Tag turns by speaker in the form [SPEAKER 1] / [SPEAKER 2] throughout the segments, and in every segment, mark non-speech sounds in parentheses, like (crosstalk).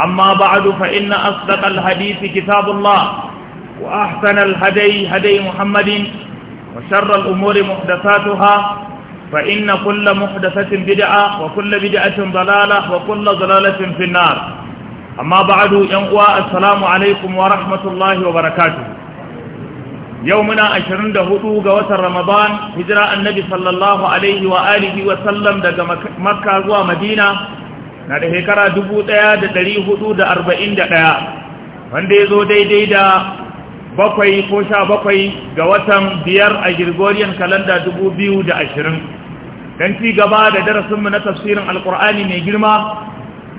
[SPEAKER 1] أما بعد فإن أصدق الحديث كتاب الله وأحسن الهدي هدي محمد وشر الأمور محدثاتها فإن كل محدثة بدعة وكل بدعة ضلالة وكل ضلالة في النار أما بعد ينقوى السلام عليكم ورحمة الله وبركاته يومنا أشرن دهدو قوة رمضان هجراء النبي صلى الله عليه وآله وسلم دقى مكة ومدينة مدينة na da shekara 1441 wanda ya zo daidai da bakwai ko sha bakwai ga watan biyar a girgoriyan kalanda 2020 don ci gaba da darasinmu na tafsirin alkur'ani mai girma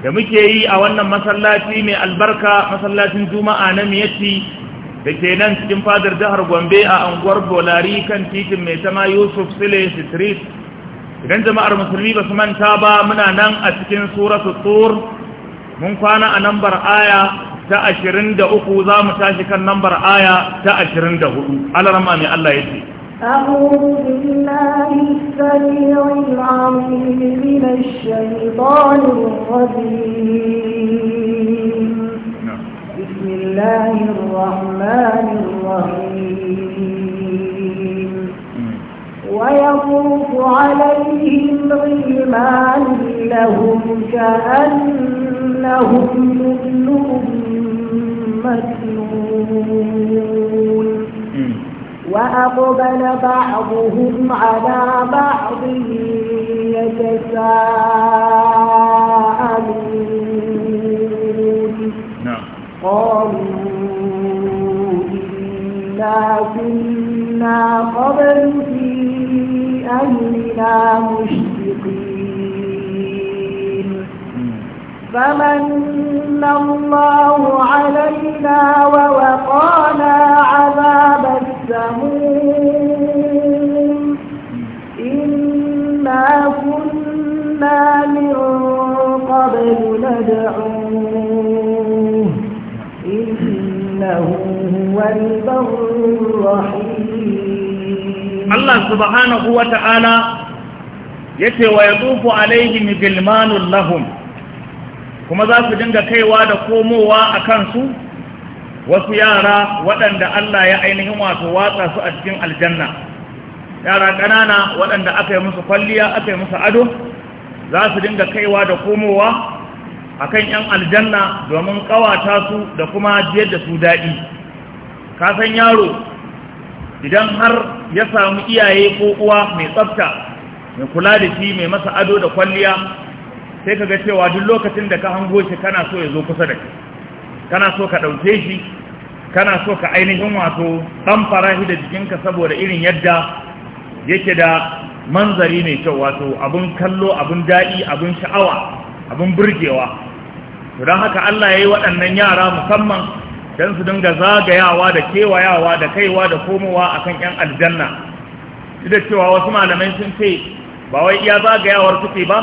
[SPEAKER 1] da muke yi a wannan masallaci mai albarka masallacin juma'a na miyatti da ke nan cikin fadar jihar gombe a anguwar bolari kan titin mai tama yusuf sile street idan jama'ar musulmi ba su manta ba muna nan a cikin suratu tur mun kwana a nambar aya ta ashirin da uku za mu tashi kan nambar aya ta ashirin da hudu alarma mai Allah ya ce
[SPEAKER 2] أعوذ بالله السميع العليم من الشيطان الرجيم بسم الله الرحمن الرحيم ويطوف عليهم غلمان لهم كأنهم لؤلؤ مكنون وأقبل بعضهم على بعض يتساءلون نعم. قالوا إنا كنا قبل في أهلنا مشفقين فمن الله علينا ووقانا عذاب السموم إنا كنا من قبل ندعوه إنه هو البر الرحيم Allah subhanahu
[SPEAKER 1] wa ta'ala ya ce wa ya tsufu alaihim gilmanun lahun. kuma za su dinga kaiwa da komowa a kansu wasu yara waɗanda Allah ya ainihin wato watsa su a cikin aljanna yara ƙanana waɗanda aka yi musu kwalliya aka yi musu ado za su dinga kaiwa da komowa a kan ‘yan aljanna domin ƙawata su da kuma jiyar da su daɗi Ka san yaro idan har ya samu iyaye ko uwa mai tsafta mai kula da shi mai masa ado da kwalliya sai ka ga cewa duk lokacin da ka hango shi kana so ya zo kusa da kai kana so ka ɗauke shi kana so ka ainihin wato ɗan farahi da jikinka saboda irin yadda yake da manzari mai kyau wato abin kallo abin daɗi abin sha'awa abin burgewa don haka Allah ya yi waɗannan yara musamman don su dinga zagayawa da kewayawa da kaiwa da komowa akan kan 'yan aljanna da cewa wasu malamai sun ce ba wai iya zagayawar suke ba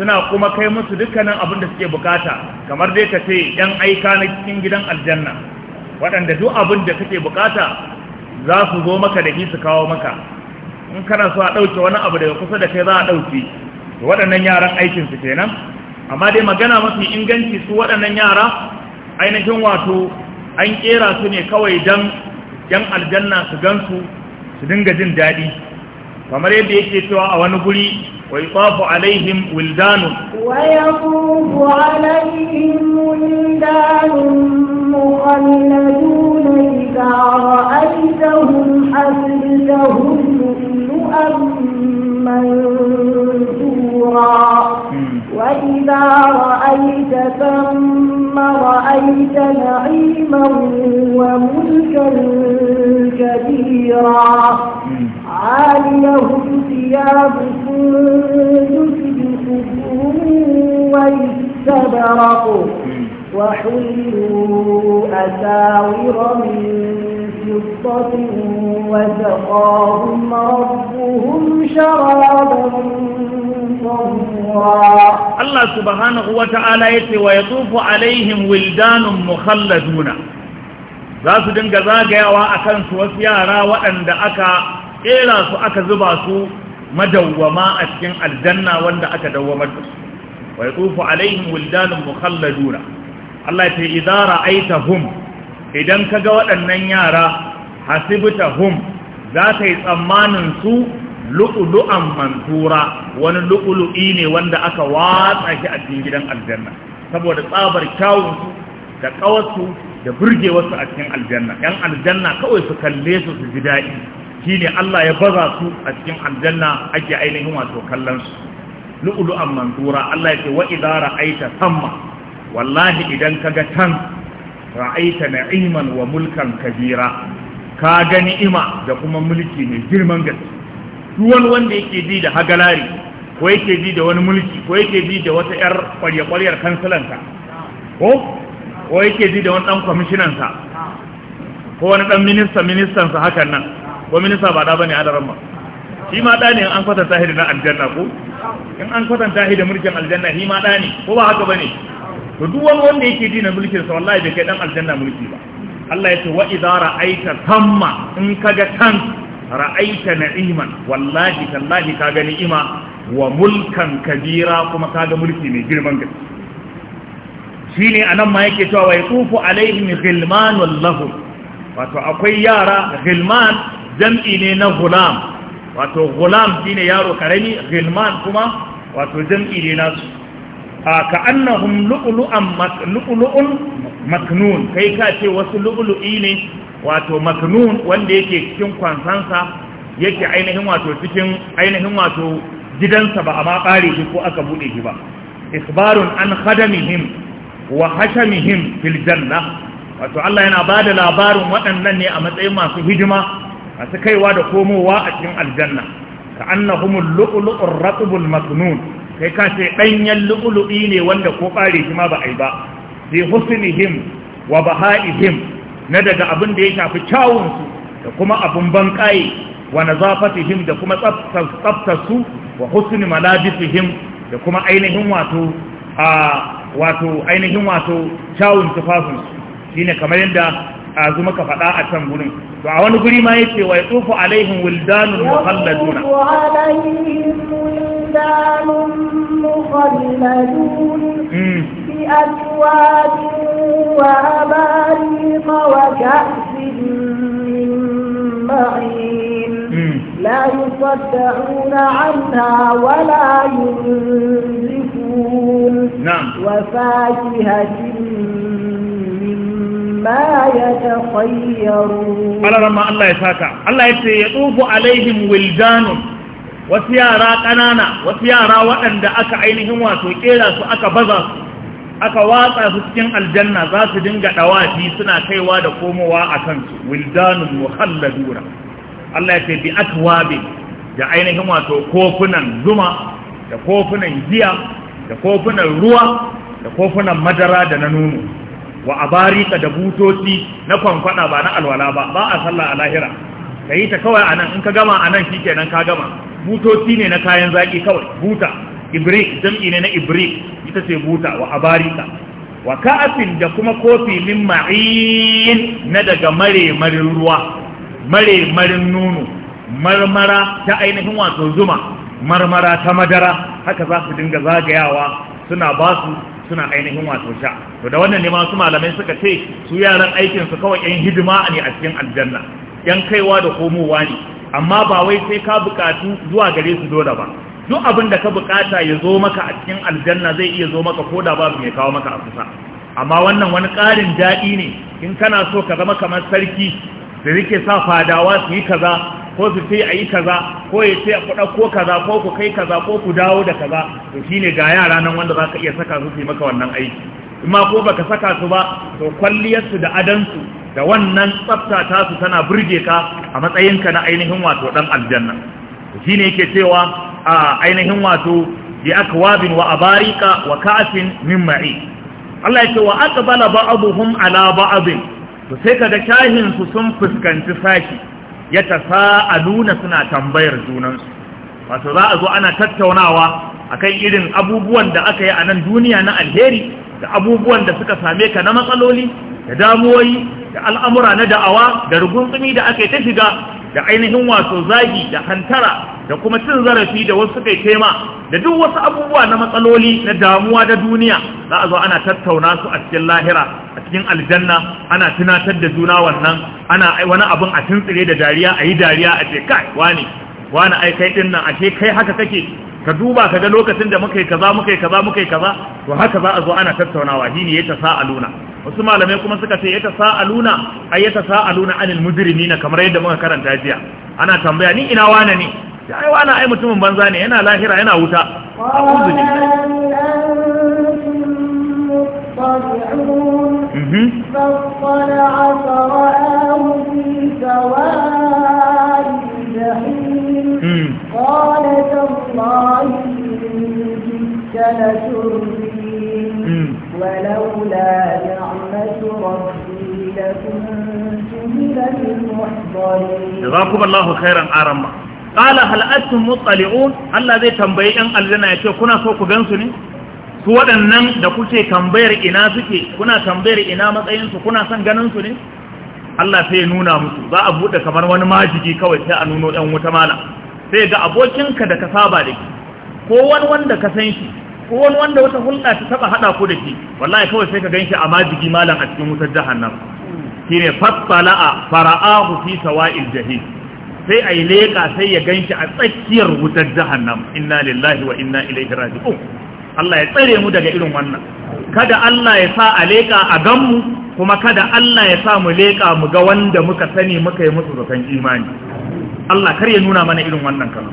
[SPEAKER 1] suna kuma kai musu dukkanin abin da suke bukata kamar dai ka ce 'yan aika na cikin gidan aljanna waɗanda duk abin da kake bukata za su zo maka da su kawo maka in kana so a ɗauke wani abu daga kusa da kai za a ɗauke waɗannan yaran aikinsu kenan amma dai magana mafi inganci su waɗannan yara ainihin wato an kera su ne kawai don yan aljanna su gansu su dinga jin daɗi kamar yadda yake cewa a wani guri wa yutafu alaihim wildanun
[SPEAKER 2] wa yatufu alaihim wildanun mukhalladun idza ra'aytahum hasibtahum hmm. wa idza ra'ayta ثم رأيت نعيما وملكا كبيرا عاليهم ثياب سندس بخفور واستبرقوا وحلوا أساور من قسطة وسقاهم ربهم شرابا
[SPEAKER 1] ta'ala ya ce, وتعالى يتي ويطوف عليهم ولدان مخلدون za su dinga zagayawa a kansu wasu yara waɗanda aka ƙera su aka zuba su madawwama a cikin aljanna wanda aka dawwamar da su wa yatufu alaihim wildanun mukhalladuna Allah ya ce aita hum. idan ka ga waɗannan yara hasibta hum za ta yi tsammanin su lu'ulu'an mantura wani lu'ulu'i ne wanda aka watsa shi a cikin gidan aljanna saboda tsabar kyawun su da ƙawarsu da burgewarsu a cikin aljanna yan aljanna kawai su kalle su su ji daɗi shine Allah ya baza su a cikin aljanna ake ainihin wato kallon su lu'ulu'an mantura Allah ya ce wa idara aita samma wallahi idan ka ga tan ra'aita na'iman wa mulkan kabira ka ga ni'ima da kuma mulki mai girman gaske duk wani wanda yake ji da hagalari ko yake ji da wani mulki ko yake ji da wata yar kwarya-kwaryar kansilanta ko ko yake ji da wani dan kwamishinansa ko wani dan minista ministansa hakan nan ko minista ba da bane adaran ba shi ma da ne an kwatanta shi da aljanna ko in an kwatanta shi da mulkin aljanna shi ma da ne ko ba haka bane to duk wani wanda yake dina mulkin sa wallahi bai kai dan aljanna mulki ba Allah ya ce wa idza ra'aita tamma in kaga kan ra'aita na'iman wallahi tallahi kaga ni'ima wa mulkan kabira kuma kaga mulki mai girman gaske shine anan ma yake cewa wa yatufu alaihim ghilman wallahu wato akwai yara ghilman jam'i ne na gulam wato gulam shine yaro karami ghilman kuma wato jam'i ne nasu ka annahum lu'lu'un maknun kai ka ce wasu lu'lu'i ne wato maknun wanda yake cikin kwansansa yake ainihin wato cikin ainihin wato gidansa ba a ma shi ko aka buɗe shi ba isbarun an khadamihim wa hashamihim fil janna wato Allah yana ba da labarin waɗannan ne a matsayin masu hidima masu kaiwa da komowa a cikin aljanna ka annahumul lu'lu'ur ratbul maknun kai ka ce ɗanyen lu'ulu'i ne wanda ko ɓare shi ma ba a yi ba fi husnihim wa baha'ihim na daga abin da ya shafi kyawunsu da kuma abin ban ƙaye wa nazafatihim da kuma tsaftarsu wa husni malabisihim da kuma ainihin wato a wato ainihin wato kyawun tufafinsu kamar yadda a zuma ka faɗa a can gurin to a wani guri ma yace wa yatufu alaihin wildanun muhalladuna
[SPEAKER 2] رجال مخلدون بأكواب وأباريق وكأس من معين لا يصدعون عنها ولا ينزفون نعم وفاكهة مما يتخيرون
[SPEAKER 1] على رمى الله يساكا الله يتوب عليهم ولدان wasu yara ƙanana wasu yara waɗanda aka ainihin wato ƙera su aka baza su aka watsa su cikin aljanna za su dinga ɗawafi suna kaiwa da komowa a kansu wildanun muhalladura Allah ya ce bi atwabi da ainihin wato kofunan zuma da kofunan giya da kofunan ruwa da kofunan madara da na nono wa abarika da butoci na kwankwada ba na alwala ba ba a sallah a lahira ka yi ta kawai anan nan in ka gama anan nan shi kenan ka gama butoci ne na kayan zaki kawai buta ibrik jam'i ne na ibrik ita ce buta wa abarika wa ka'afin da kuma kofi min ma'in na daga maremarin ruwa maremarin marin nono marmara ta ainihin wato zuma marmara ta madara haka za su dinga zagayawa suna ba su suna ainihin wato sha to da wannan ne masu malamai suka ce su yaran aikinsu kawai yan hidima ne a cikin aljanna yan kaiwa da komowa ne amma ba wai sai ka bukatu zuwa gare su dole ba duk abin da ka bukata ya zo maka a cikin aljanna zai iya zo maka ko da babu mai kawo maka a kusa amma wannan wani ƙarin daɗi ne in kana so ka zama kamar sarki da rike sa fadawa su yi kaza ko su ce a yi kaza ko ya ce a kuɗa ko kaza ko ku kai kaza ko ku dawo da kaza to shine ga yara nan wanda za ka iya saka su su yi maka wannan aiki ma ko baka saka su ba to kwalliyarsu da adansu da wannan tsafta ta su tana burge ka a matsayinka na ainihin wato dan aljanna shine yake cewa a ainihin wato bi wabin wa barika wa kafin min ma'i Allah yake wa aqbala abuhun ala ba'dhin to sai kaga shahin su sun fuskanci sashi ya a nuna suna tambayar junansu wato za a zo ana tattaunawa akan irin abubuwan da aka yi a nan duniya na alheri da abubuwan da suka same ka na matsaloli da damuwoyi da al'amura na da'awa da rugunsumi da ake ta shiga da ainihin wato zagi da hantara da kuma cin zarafi da wasu kai tema da duk wasu abubuwa na matsaloli na damuwa da duniya za a zo ana tattauna su a cikin lahira a cikin aljanna ana tunatar da juna wannan ana wani abin a tuntsire da dariya a yi dariya a ce kai wani wani ai kai din nan a ce kai haka kake ka duba ka ga lokacin da muka yi kaza muka yi kaza muka yi kaza to haka za a zo ana tattaunawa shi ne ya ta luna. wasu malamai kuma suka ce yata sa'aluna ay yata sa'aluna anil mujrimina kamar yadda muka karanta jiya ana tambaya ni ina wane ne ya ai wane ai mutumin banza ne yana lahira yana wuta a'udhu
[SPEAKER 2] billahi mhm. hmm. إن جئت لتردين فلولا نعمة ربي لكنت من المحضرين جزاكم الله
[SPEAKER 1] خيرا أرمى قال هل أنتم مطلعون الله زي تنبيه أن الجنة يتي جنسني su waɗannan da kuke tambayar ina suke kuna tambayar ina matsayinsu kuna son ganinsu ne Allah sai ya nuna musu za a buɗe kamar wani majigi kawai sai a nuno ɗan wuta mala sai ga abokinka da ka saba da shi ko wani wanda ka san shi ko wani wanda wata hulɗa ta taba hada ko da shi wallahi kawai sai ka ganshi a majigi malam a cikin wutar jahannam shine fasala'a fara'ahu fi sawa'il jahim sai a yi leƙa sai ya ganshi a tsakiyar wutar jahannam inna lillahi wa inna ilaihi raji'un Allah ya tsare mu daga irin wannan kada Allah ya sa a leƙa a gan mu kuma kada Allah ya sa mu leƙa mu ga wanda muka sani muka yi musu zakan imani Allah kar ya nuna mana irin wannan kan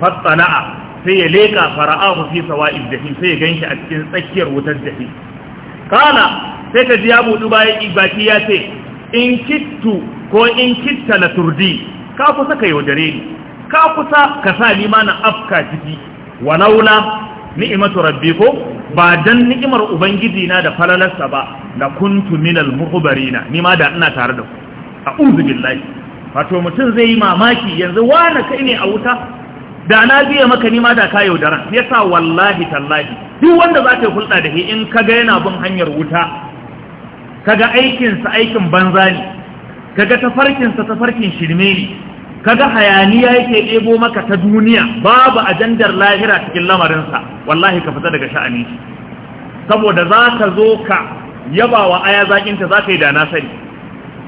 [SPEAKER 1] fasala'a sai ya leƙa fara'ahu fi sawa'id jahim sai ya ganshi a cikin tsakiyar wutar jahim kana sai ka ji ya budu bayan baki ya ce in kittu ko in kitta la turdi ka kusa ka yaudare ni ka kusa ka sa ni ma na afka ciki walaula ni'imatu rabbi ko ba dan ni'imar ubangiji na da falalarsa ba na kuntu minal muhbarina ni ma da ina tare da ku a'udhu billahi wato mutum zai yi mamaki yanzu wani kai ne a wuta da na biya maka nima da ka yaudaran yasa wallahi tallahi duk wanda za ta yi hulɗa da shi in ka ga yana bin hanyar wuta Ka ga aikinsa aikin banza ne kaga tafarkinsa tafarkin shirme ne Ka ga hayaniya yake ɗebo maka ta duniya babu ajandar lahira cikin lamarinsa wallahi ka fita daga sha'ani saboda za ka zo ka yaba wa aya zaƙinta za ka yi da na sani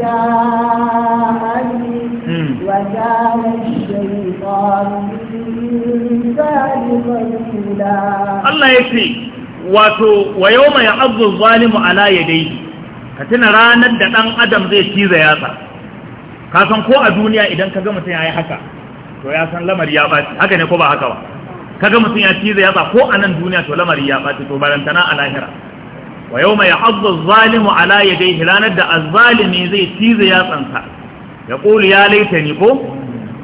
[SPEAKER 2] جاءني وكان الشيطان للإنسان
[SPEAKER 1] الله يكفي wato wa yau mai abu zalimu ala ya dai ka tuna ranar da ɗan adam zai ciza yatsa ka san ko a duniya idan ka ga mutum ya yi haka to ya san lamari ya ɓaci haka ne ko ba haka ba ka ga mutum ya ciza yasa ko a nan duniya to lamari ya ɓaci to barantana a lahira wa yau mai hazzar zalimu ala ya dai hilanar da azzalimi zai cize tsansa. ya ƙuli ya laita ni ko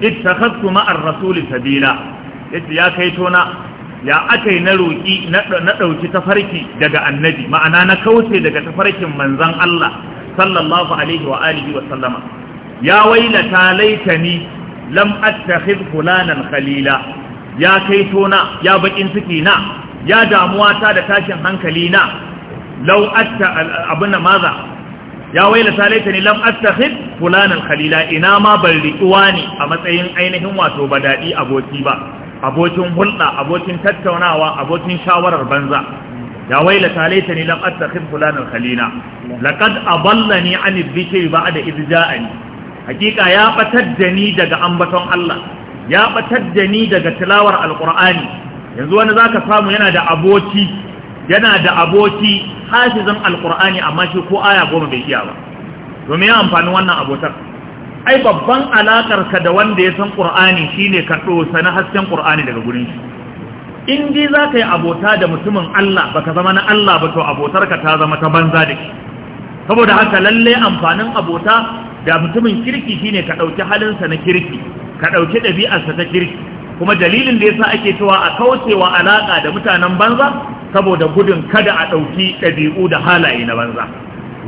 [SPEAKER 1] ita kasu ma'ar rasuli sabila ya ya kai tona ya aka yi na roƙi na ɗauki tafarki daga annabi ma'ana na kauce daga tafarkin manzan Allah sallallahu alaihi wa alihi wa sallama ya wailata laitani lam attakhidh fulanan khalila ya kai tona ya bakin ciki na ya damuwa ta da tashin hankali na lau atta abin na maza ya waila ta laita ne lam attakhid fulanan khalila ina ma ban riƙuwa ne a matsayin ainihin wato badaɗi daɗi aboki ba abokin hulɗa abokin tattaunawa abokin shawarar banza ya waila ta laita ne lam attakhid fulanan khalila laqad aballani an dhikri ba'da idh ja'ani hakika ya batar ni daga ambaton Allah ya batar da ni daga tilawar Alƙur'ani. yanzu wani zaka samu yana da aboki yana da aboki hafizan alkur'ani amma shi ko aya goma bai iya ba domin ya amfani wannan abotar ai babban alakar da wanda ya san qur'ani shine ka na hasken ƙur'ani daga gurin shi in dai zaka yi abota da mutumin Allah baka zama na Allah ba to abotarka ta zama ta banza da shi saboda haka lalle amfanin abota da mutumin kirki shine ka dauki halinsa na kirki ka ɗauki dabi'arsa ta kirki kuma dalilin da yasa ake cewa a kaucewa alaka da mutanen banza saboda gudun kada a ɗauki ɗabi'u da halaye na banza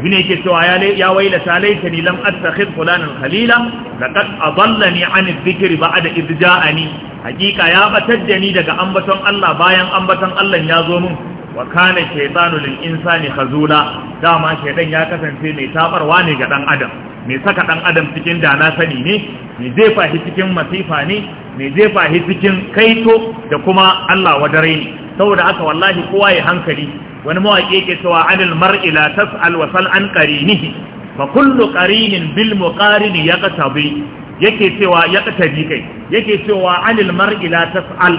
[SPEAKER 1] bin yake cewa ya waila ta laita ni lam attakhid fulanan khalila laqad adallani an adh-dhikri ba'da idh ja'ani hakika ya batar da ni daga ambaton Allah bayan ambaton Allah ya zo min wa kana shaytanu lil insani khazula dama shaydan ya kasance mai tabarwa ne ga dan adam mai saka dan adam cikin dana sani ne mai zai fahi cikin masifa ne mai zai fahi cikin kaito da kuma Allah wadare ne saboda aka wallahi kowa ya hankali wani mawaƙi yake cewa anil mar'i la tas'al wa sal an qarinihi fa kullu qarinin bil muqarin yaqtabi yake cewa yaqtabi kai yake cewa anil mar'i la tas'al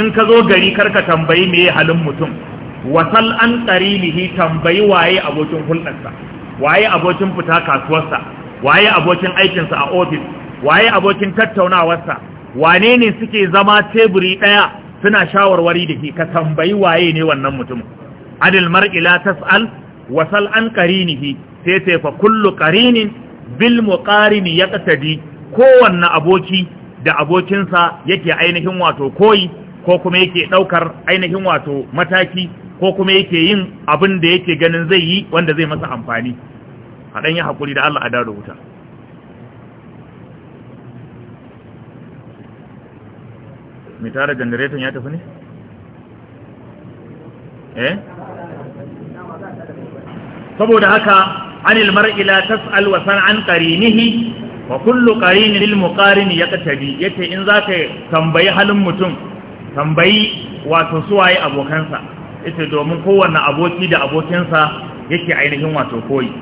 [SPEAKER 1] in ka zo gari karka tambayi me halin mutum wa sal an qarinihi tambayi waye abokin hulɗarsa waye abokin fita kasuwarsa waye abokin aikinsa a ofis waye abokin tattaunawarsa wane ne suke zama teburi ɗaya suna shawarwari da ke ka tambayi waye ne wannan mutum? adil mar'ila tas'al wasal an qarinihi sai sai fa kullu qarinin bil muqarin yaqtadi kowanne aboki da abokinsa yake ainihin wato koyi ko kuma yake daukar ainihin wato mataki ko kuma yake yin abin da yake ganin zai yi wanda zai masa amfani a ɗanyen hakuri da Allah a da rubuta mai tara ya tafi ne? eh? saboda haka anil mar'i la tas'al wa san an qarinihi wa kullu qarinin lil muqarin yace in zaka tambayi halin mutum tambayi wato suwaye abokansa yace domin kowanne aboki da abokinsa yake ainihin wato koyi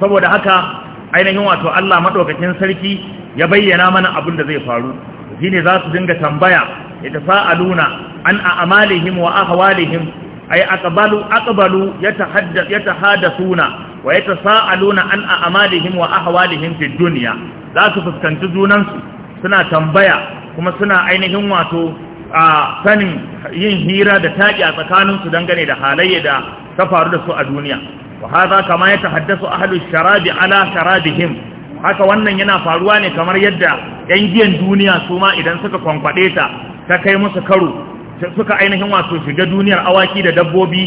[SPEAKER 1] saboda haka ainihin wato Allah madaukakin sarki ya bayyana mana abin da zai faru shine za su dinga tambaya yatafa'aluna an a'malihim wa ahwalihim ay aqbalu aqbalu yatahaddath yatahadathuna wa yatasa'aluna an a'malihim wa ahwalihim fi dunya za su fuskanci junansu suna tambaya kuma suna ainihin wato a sanin yin hira da taƙi a tsakaninsu dangane da halayya da ta faru da su a duniya wa haza kama ya ahlu sharabi ala sharabihim haka wannan yana faruwa ne kamar yadda yan giyan duniya su ma idan suka kwankwaɗe ta ta kai musu karo suka ainihin wato shiga duniyar awaki da dabbobi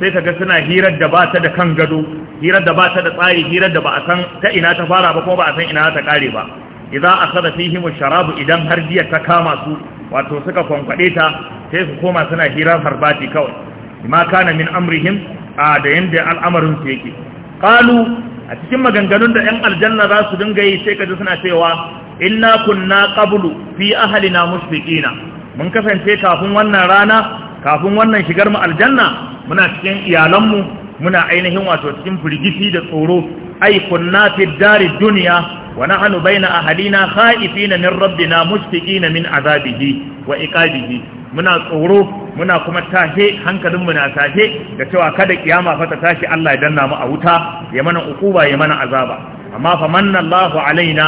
[SPEAKER 1] sai ka ga suna hirar da ba ta da kan gado hirar da ba ta da tsari hirar da ba a san ta ina ta fara ba ko ba a san ina ta kare ba idan fi himu sharabu idan har jiya ta kama su wato suka kwankwade ta sai su koma suna hirar harbati kawai ma kana min amrihim a da yanda al'amarin su yake kalu a cikin maganganun da 'yan aljanna za su dinga yi sai ka ji suna cewa inna kunna qablu fi ahlina mushfiqina mun kasance kafin wannan rana kafin wannan shigar mu aljanna muna cikin iyalanmu muna ainihin wato cikin firgiti da tsoro ai kunna fi dari dunya wa nahnu baina ahlina khaifina min rabbina na min azabihi wa iqabihi muna tsoro muna kuma tashe hankalinmu na tashe da cewa kada kiyama fa ta tashi Allah ya danna mu a wuta ya mana ukuba ya mana azaba amma fa manna Allahu alaina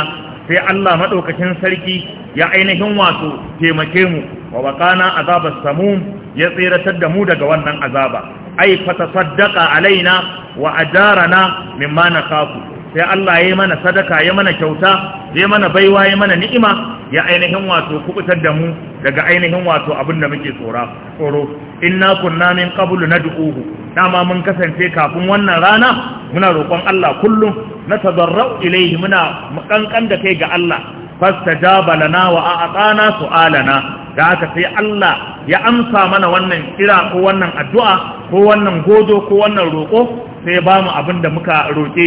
[SPEAKER 1] sai Allah madaukakin sarki ya ainihin wato taimake mu wa bakana azabar samum ya tsiratar da mu daga wannan azaba ai saddaka alaina wa ajarana mimma kafu sai Allah yayi mana sadaka ya mana kyauta yayi mana baiwa ya mana ni'ima ya ainihin wato kubutar da mu daga ainihin wato abin da muke tsora tsoro inna kunna min qablu nad'uhu dama mun kasance kafin wannan rana muna roƙon Allah kullum na tadarra'u ilaihi muna kankan da kai ga Allah fastajaba lana wa a'tana su'alana da haka sai Allah ya amsa mana wannan kira ko wannan addu'a ko wannan godo ko wannan roko sai ba mu abin da muka roke shi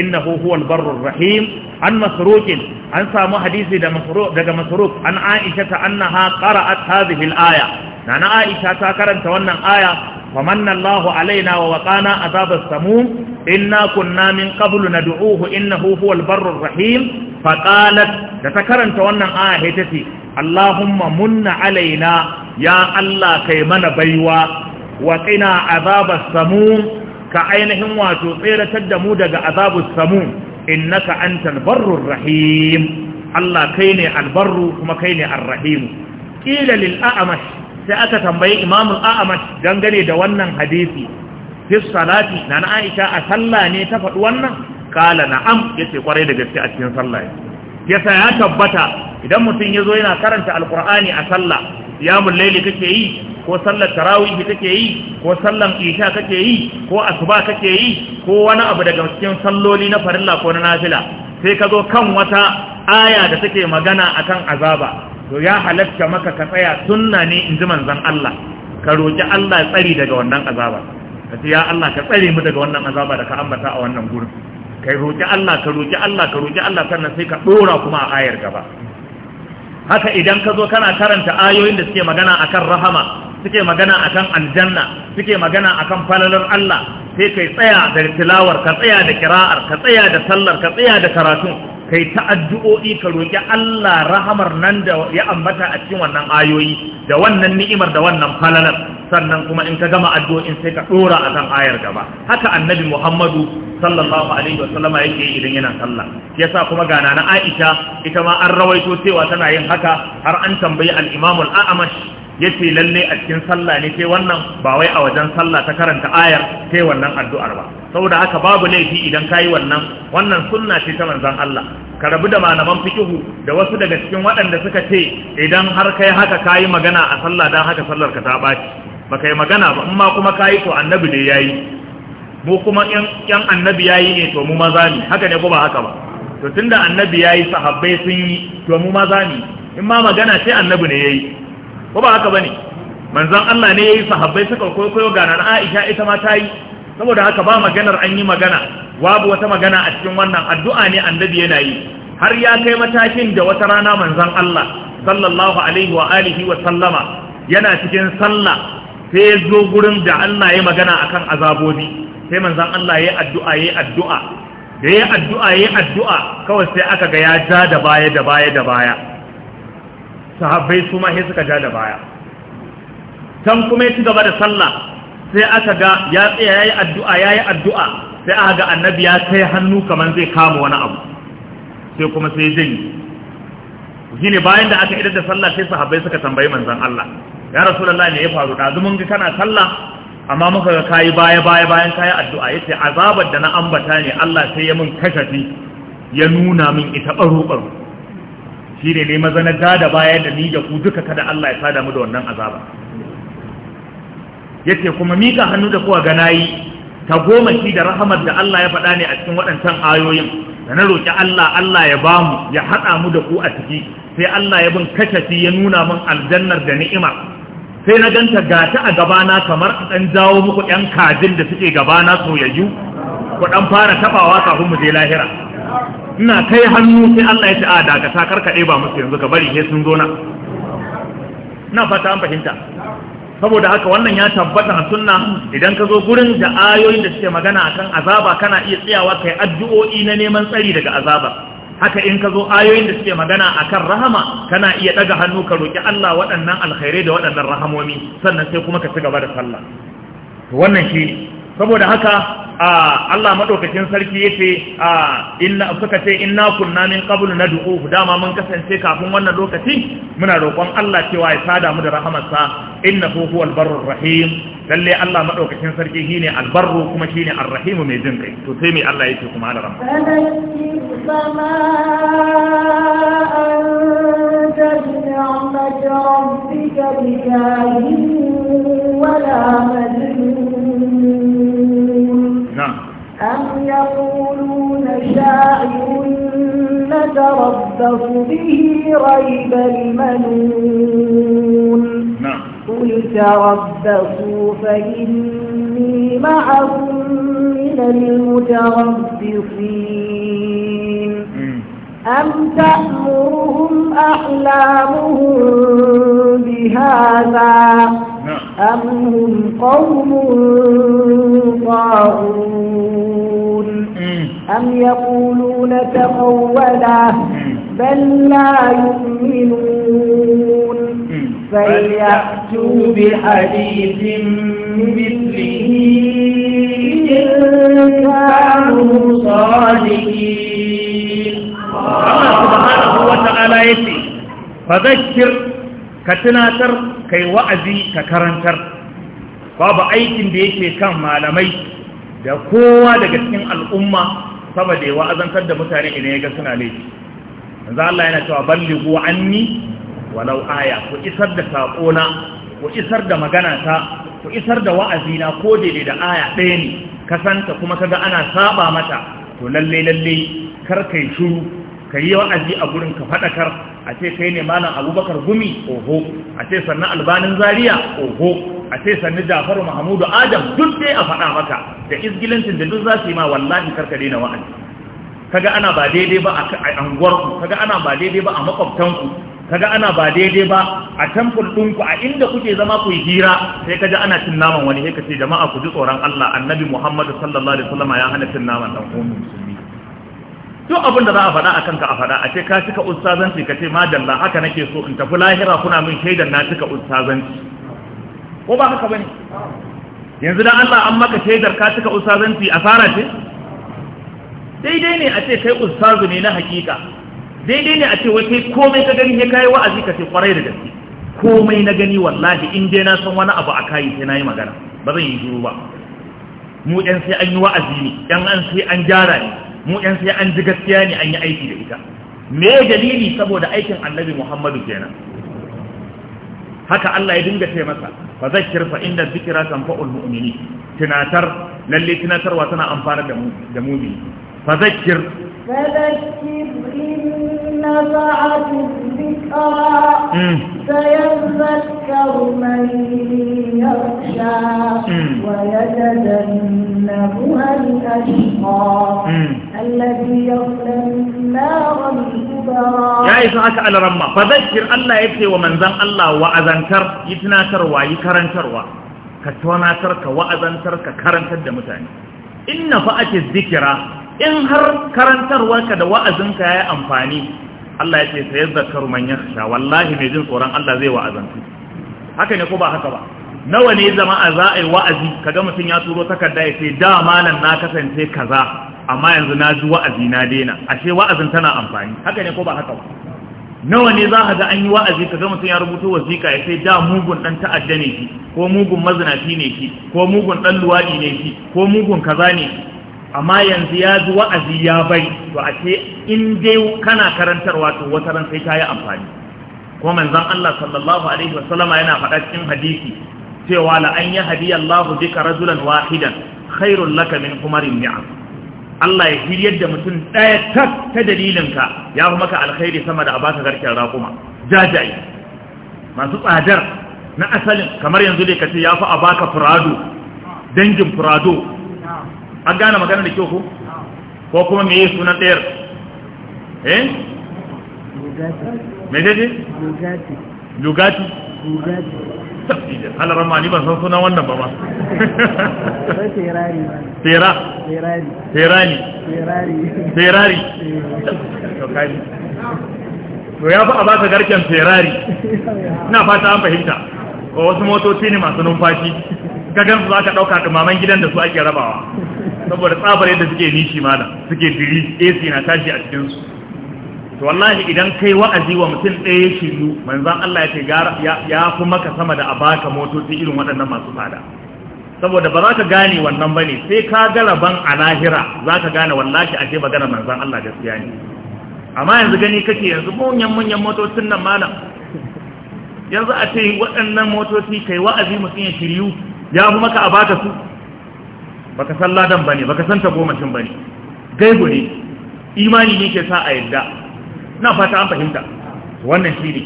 [SPEAKER 1] innahu huwal barrur rahim an masruq an samu hadisi da daga masruk an aisha ta annaha qara'at hadhihi al-aya nana aisha ta karanta wannan aya wa manna Allahu alaina wa waqana azabas samum inna kunna min qablu nad'uhu innahu huwal barrur rahim faqalat da karanta wannan aya he tace Allahumma munna alaina ya Allah kai mana baiwa wa qina azabas ka ainihin wato tseratar da mu daga azabus samu innaka antal barrur rahim Allah kai albarru kuma kai ne arrahim qila lil a'mash sai aka tambayi imamul a'amash dangane da wannan hadisi fi salati na na aisha a sallah ne ta faɗi wannan kala na'am yace kwarai da gaske a cikin sallah yasa ya tabbata idan mutum ya zo yana karanta Alkur'ani a sallah ya mulaili kake yi ko sallar tarawih kake yi ko sallan isha kake yi ko asuba kake yi ko wani abu daga cikin salloli na farilla ko na nafila sai ka zo kan wata aya da take magana akan azaba to ya halatta maka ka tsaya sunna ne in ji manzan Allah ka roƙi Allah tsari daga wannan azaba ka ce ya Allah ka tsare mu daga wannan azaba da ka ambata a wannan gurin kai roƙi Allah ka roƙi Allah ka roƙi Allah sannan sai ka dora kuma a ayar gaba haka idan ka zo kana karanta ayoyin da suke magana akan rahama suke magana akan aljanna suke magana akan falalar Allah sai kai tsaya da tilawar ka tsaya da kira'ar ka tsaya da sallar ka tsaya da karatun kai ta addu'o'i ka roƙi Allah rahamar nan da ya ambata a cikin wannan ayoyi da wannan ni'imar da wannan falalar sannan kuma in ka gama addu'o'in sai ka dora a kan ayar gaba haka annabi Muhammadu sallallahu alaihi wasallama yake yi idan yana sallah yasa kuma ga Nana Aisha ita ma an rawaito cewa tana yin haka har an tambayi al-Imam al-A'mash yace lalle a cikin sallah ne sai wannan ba wai a wajen sallah ta karanta ayar sai wannan addu'ar ba saboda haka babu laifi idan kayi wannan wannan sunna ce ta manzon Allah ka rabu da malaman fikihu da wasu daga cikin waɗanda suka ce idan har kai haka kayi magana a sallah dan haka sallar ka ta baci ba kai magana ba in kuma kayi to annabi ne yayi mu kuma yan annabi yayi ne to mu maza ne haka ne ko ba haka ba to tunda annabi yayi sahabbai sun yi to mu maza ne in ma magana sai annabi ne yayi ko ba haka ba ne? manzan Allah ne ya yi sahabbai suka kwaikwayo ga nan Aisha ita ma ta yi saboda haka ba maganar an yi magana babu wata magana a cikin wannan addu'a ne annabi yana yi har ya kai matakin da wata rana manzan Allah sallallahu alaihi wa alihi wa sallama yana cikin sallah sai ya zo gurin da Allah ya magana akan azabobi sai manzan Allah ya addu'a ya addu'a da ya addu'a ya addu'a kawai sai aka ga ya ja da baya da baya da baya sahabbai su ma sai suka ja da baya can kuma ya ci gaba da sallah sai aka ga ya tsaya yayi addu'a yayi addu'a sai aka ga annabi ya kai hannu kamar zai kama wani abu sai kuma sai ya janye shine bayan da aka idar da sallah sai sahabbai suka tambayi manzon Allah ya rasu rasulullahi ne ya faru da zumun ga kana sallah amma muka ga kayi baya baya bayan kayi addu'a yace azabar da na ambata ne Allah sai ya mun kashafi ya nuna min ita baro shi ne ne maza na gada baya da ni da ku duka kada Allah ya sada mu da wannan azaba yace kuma mika hannu da kowa ga nayi ta goma shi da rahamar da Allah ya faɗa ne a cikin waɗancan ayoyin da na roƙi Allah Allah ya ba mu ya haɗa mu da ku a ciki sai Allah ya bin kashafi ya nuna mun aljannar da ni'ima sai na ganta gata a gabana kamar ɗan jawo muku ɗan kajin da suke gabana soyayyu ku ɗan fara taɓawa kafin mu je lahira ina kai hannu sai Allah ya ce a dakata karkade ba musu yanzu ka bari sai sun zo na na fata an fahimta saboda haka wannan ya tabbata a sunna idan ka zo gurin da ayoyin da suke magana akan azaba kana iya tsayawa kai addu'o'i na neman tsari daga azaba haka in ka zo ayoyin da suke magana akan rahama kana iya daga hannu ka roki Allah waɗannan alkhairai da waɗannan rahamomi sannan sai kuma ka ci gaba da sallah to wannan shi. saboda haka Allah maɗaukacin sarki yace ce, suka ce inna kunna min qablu nad'u dama mun kasance kafin wannan lokaci muna roƙon Allah cewa ya sada mu da rahamarsa innahu huwal albarru rahim lalle Allah madaukakin sarki shine albarru kuma shine arrahimu mai jin kai to sai mai Allah ce kuma da rahama
[SPEAKER 2] ولا مجنون أم يقولون شاعر نتربص به ريب المنون نعم قل تربصوا فإني معكم من المتربصين أم تأمرهم أحلامهم بهذا نعم. أم هم قوم طاغون أم يقولون تقولا بل لا يؤمنون فليأتوا بحديث مثله إن كانوا صادقين الله سبحانه وتعالى
[SPEAKER 1] يتي فذكر كتناتر كي وأذي ككرنتر فابا aikin بيكي كان kan malamai da kowa daga cikin al'umma saboda ya yawa azantar da mutane idan ya ga suna laifi yanzu Allah yana cewa ballighu anni walau aya ku isar da saƙona ku isar da magana ta ku isar da wa'azi na ko daidai da aya ɗaya ne kasanta kuma kaga ana saba mata to lalle lalle kar kai shiru ka yi wa'azi a gurin ka faɗakar a ce kai ne malam abubakar gumi oho a ce sannan albanin Zariya, oho a ce sannan jafaru mahamudu adam duk dai a faɗa maka da izgilancin da duk za su yi ma wallahi karka daina wa'azi kaga ana ba daidai ba a anguwarku kaga ana ba daidai ba a makwabtanku kaga ana ba daidai ba a tamfur ɗinku a inda kuke zama ku hira sai kaji ana cin naman wani sai ka ce jama'a ku ji tsoron Allah annabi Muhammad sallallahu alaihi wasallam ya hana cin naman dan uwan duk abin da za a faɗa a kanka a faɗa a ce ka cika ustazanci ka ce madalla haka nake so in tafi lahira kuna min shaidan na cika ustazanci ko ba haka bane yanzu dan Allah an maka shaidar ka cika ustazanci fara ce daidai ne a ce kai ustazu ne na hakika daidai ne a ce wai kai komai ka gani sai kai wa'azi ka ce kwarai da gaske komai na gani wallahi in dai na san wani abu a kai sai nayi magana ba zan yi juru ba mu ɗan sai an yi wa'azi ne ɗan an sai an gyara ne mu yan sai an ji gaskiya ne an yi aiki da ita me dalili saboda aikin annabi muhammadu kenan haka Allah ya dinga ce masa fa zakir fa inda zikra tanfa'ul mu'minin tunatar lalle tunatarwa tana amfana da mu da mu'mini fa zakir
[SPEAKER 2] fa zakir نفعت الذكرى سيذكر من يخشى ويتجنبها الأشقى الذي يصلى النار ya isa
[SPEAKER 1] aka alarama ba zakir Allah ya ce wa manzan Allah wa'azantar yi tunatarwa yi karantarwa ka tonatar ka wa'azantar ka karantar da mutane in na fa'ake zikira in har karantarwa ka da wa'azinka ya yi amfani Allah ya ce sai zakar man yakhsha wallahi mai jin tsoron Allah zai wa'azantu haka ne ko ba haka ba nawa ne jama'a za a yi wa'azi kaga mutum ya turo takarda ya ce da malam na kasance kaza amma yanzu na ji wa'azi na daina ashe wa'azin tana amfani haka ne ko ba haka ba nawa ne za ka ga an yi wa'azi kaga mutum ya rubuto wasiƙa ya ce da mugun dan ta'adda ne ki? ko mugun mazinaci ne ki? ko mugun dan luwadi ne ki? ko mugun kaza ne amma yanzu ya ji wa'azi ya bai to a ce in dai kana karantarwa to wata ran sai ta yi amfani kuma manzon Allah sallallahu alaihi wasallama yana faɗa cikin hadisi cewa la an yi hadiya Allah bika rajulan wahidan khairul laka min umarin ni'am Allah ya hiryar da mutum ɗaya tak ta dalilinka ya fi maka alkhairi sama da a baka garken raƙuma jajaye masu tsadar na asalin kamar yanzu dai ka ce ya fi a baka furado dangin furado an gane magana da kyau ko ko kuma me yi sunan ɗayar eh me ce lugati lugati rama ni ban san sunan wannan ba ba
[SPEAKER 2] terari tera terari
[SPEAKER 1] terari terari eh. to ya fa a ba garken terari (laughs) ina fata an fahimta ko wasu motoci ne masu numfashi gagan su aka ɗauka dumaman gidan da su ake rabawa saboda tsabar yadda suke nishi mana suke diri ac na tashi a su to wallahi idan kai wa'azi wa mutum ɗaya shiru manzon Allah ya ce ya fi maka sama da a baka motoci irin waɗannan masu tsada saboda ba za ka gane wannan ba ne sai ka ga rabon a lahira za ka gane wallahi ashe magana manzon Allah gaskiya ne amma yanzu gani kake yanzu munyan munyan motocin nan malam yanzu a ce waɗannan motoci kai wa'azi mutum ya shiryu ya fi maka a baka su baka san ladan bane baka san tagomashin bane gaibu ne imani ne ke sa a yadda na fata an fahimta wannan shi ne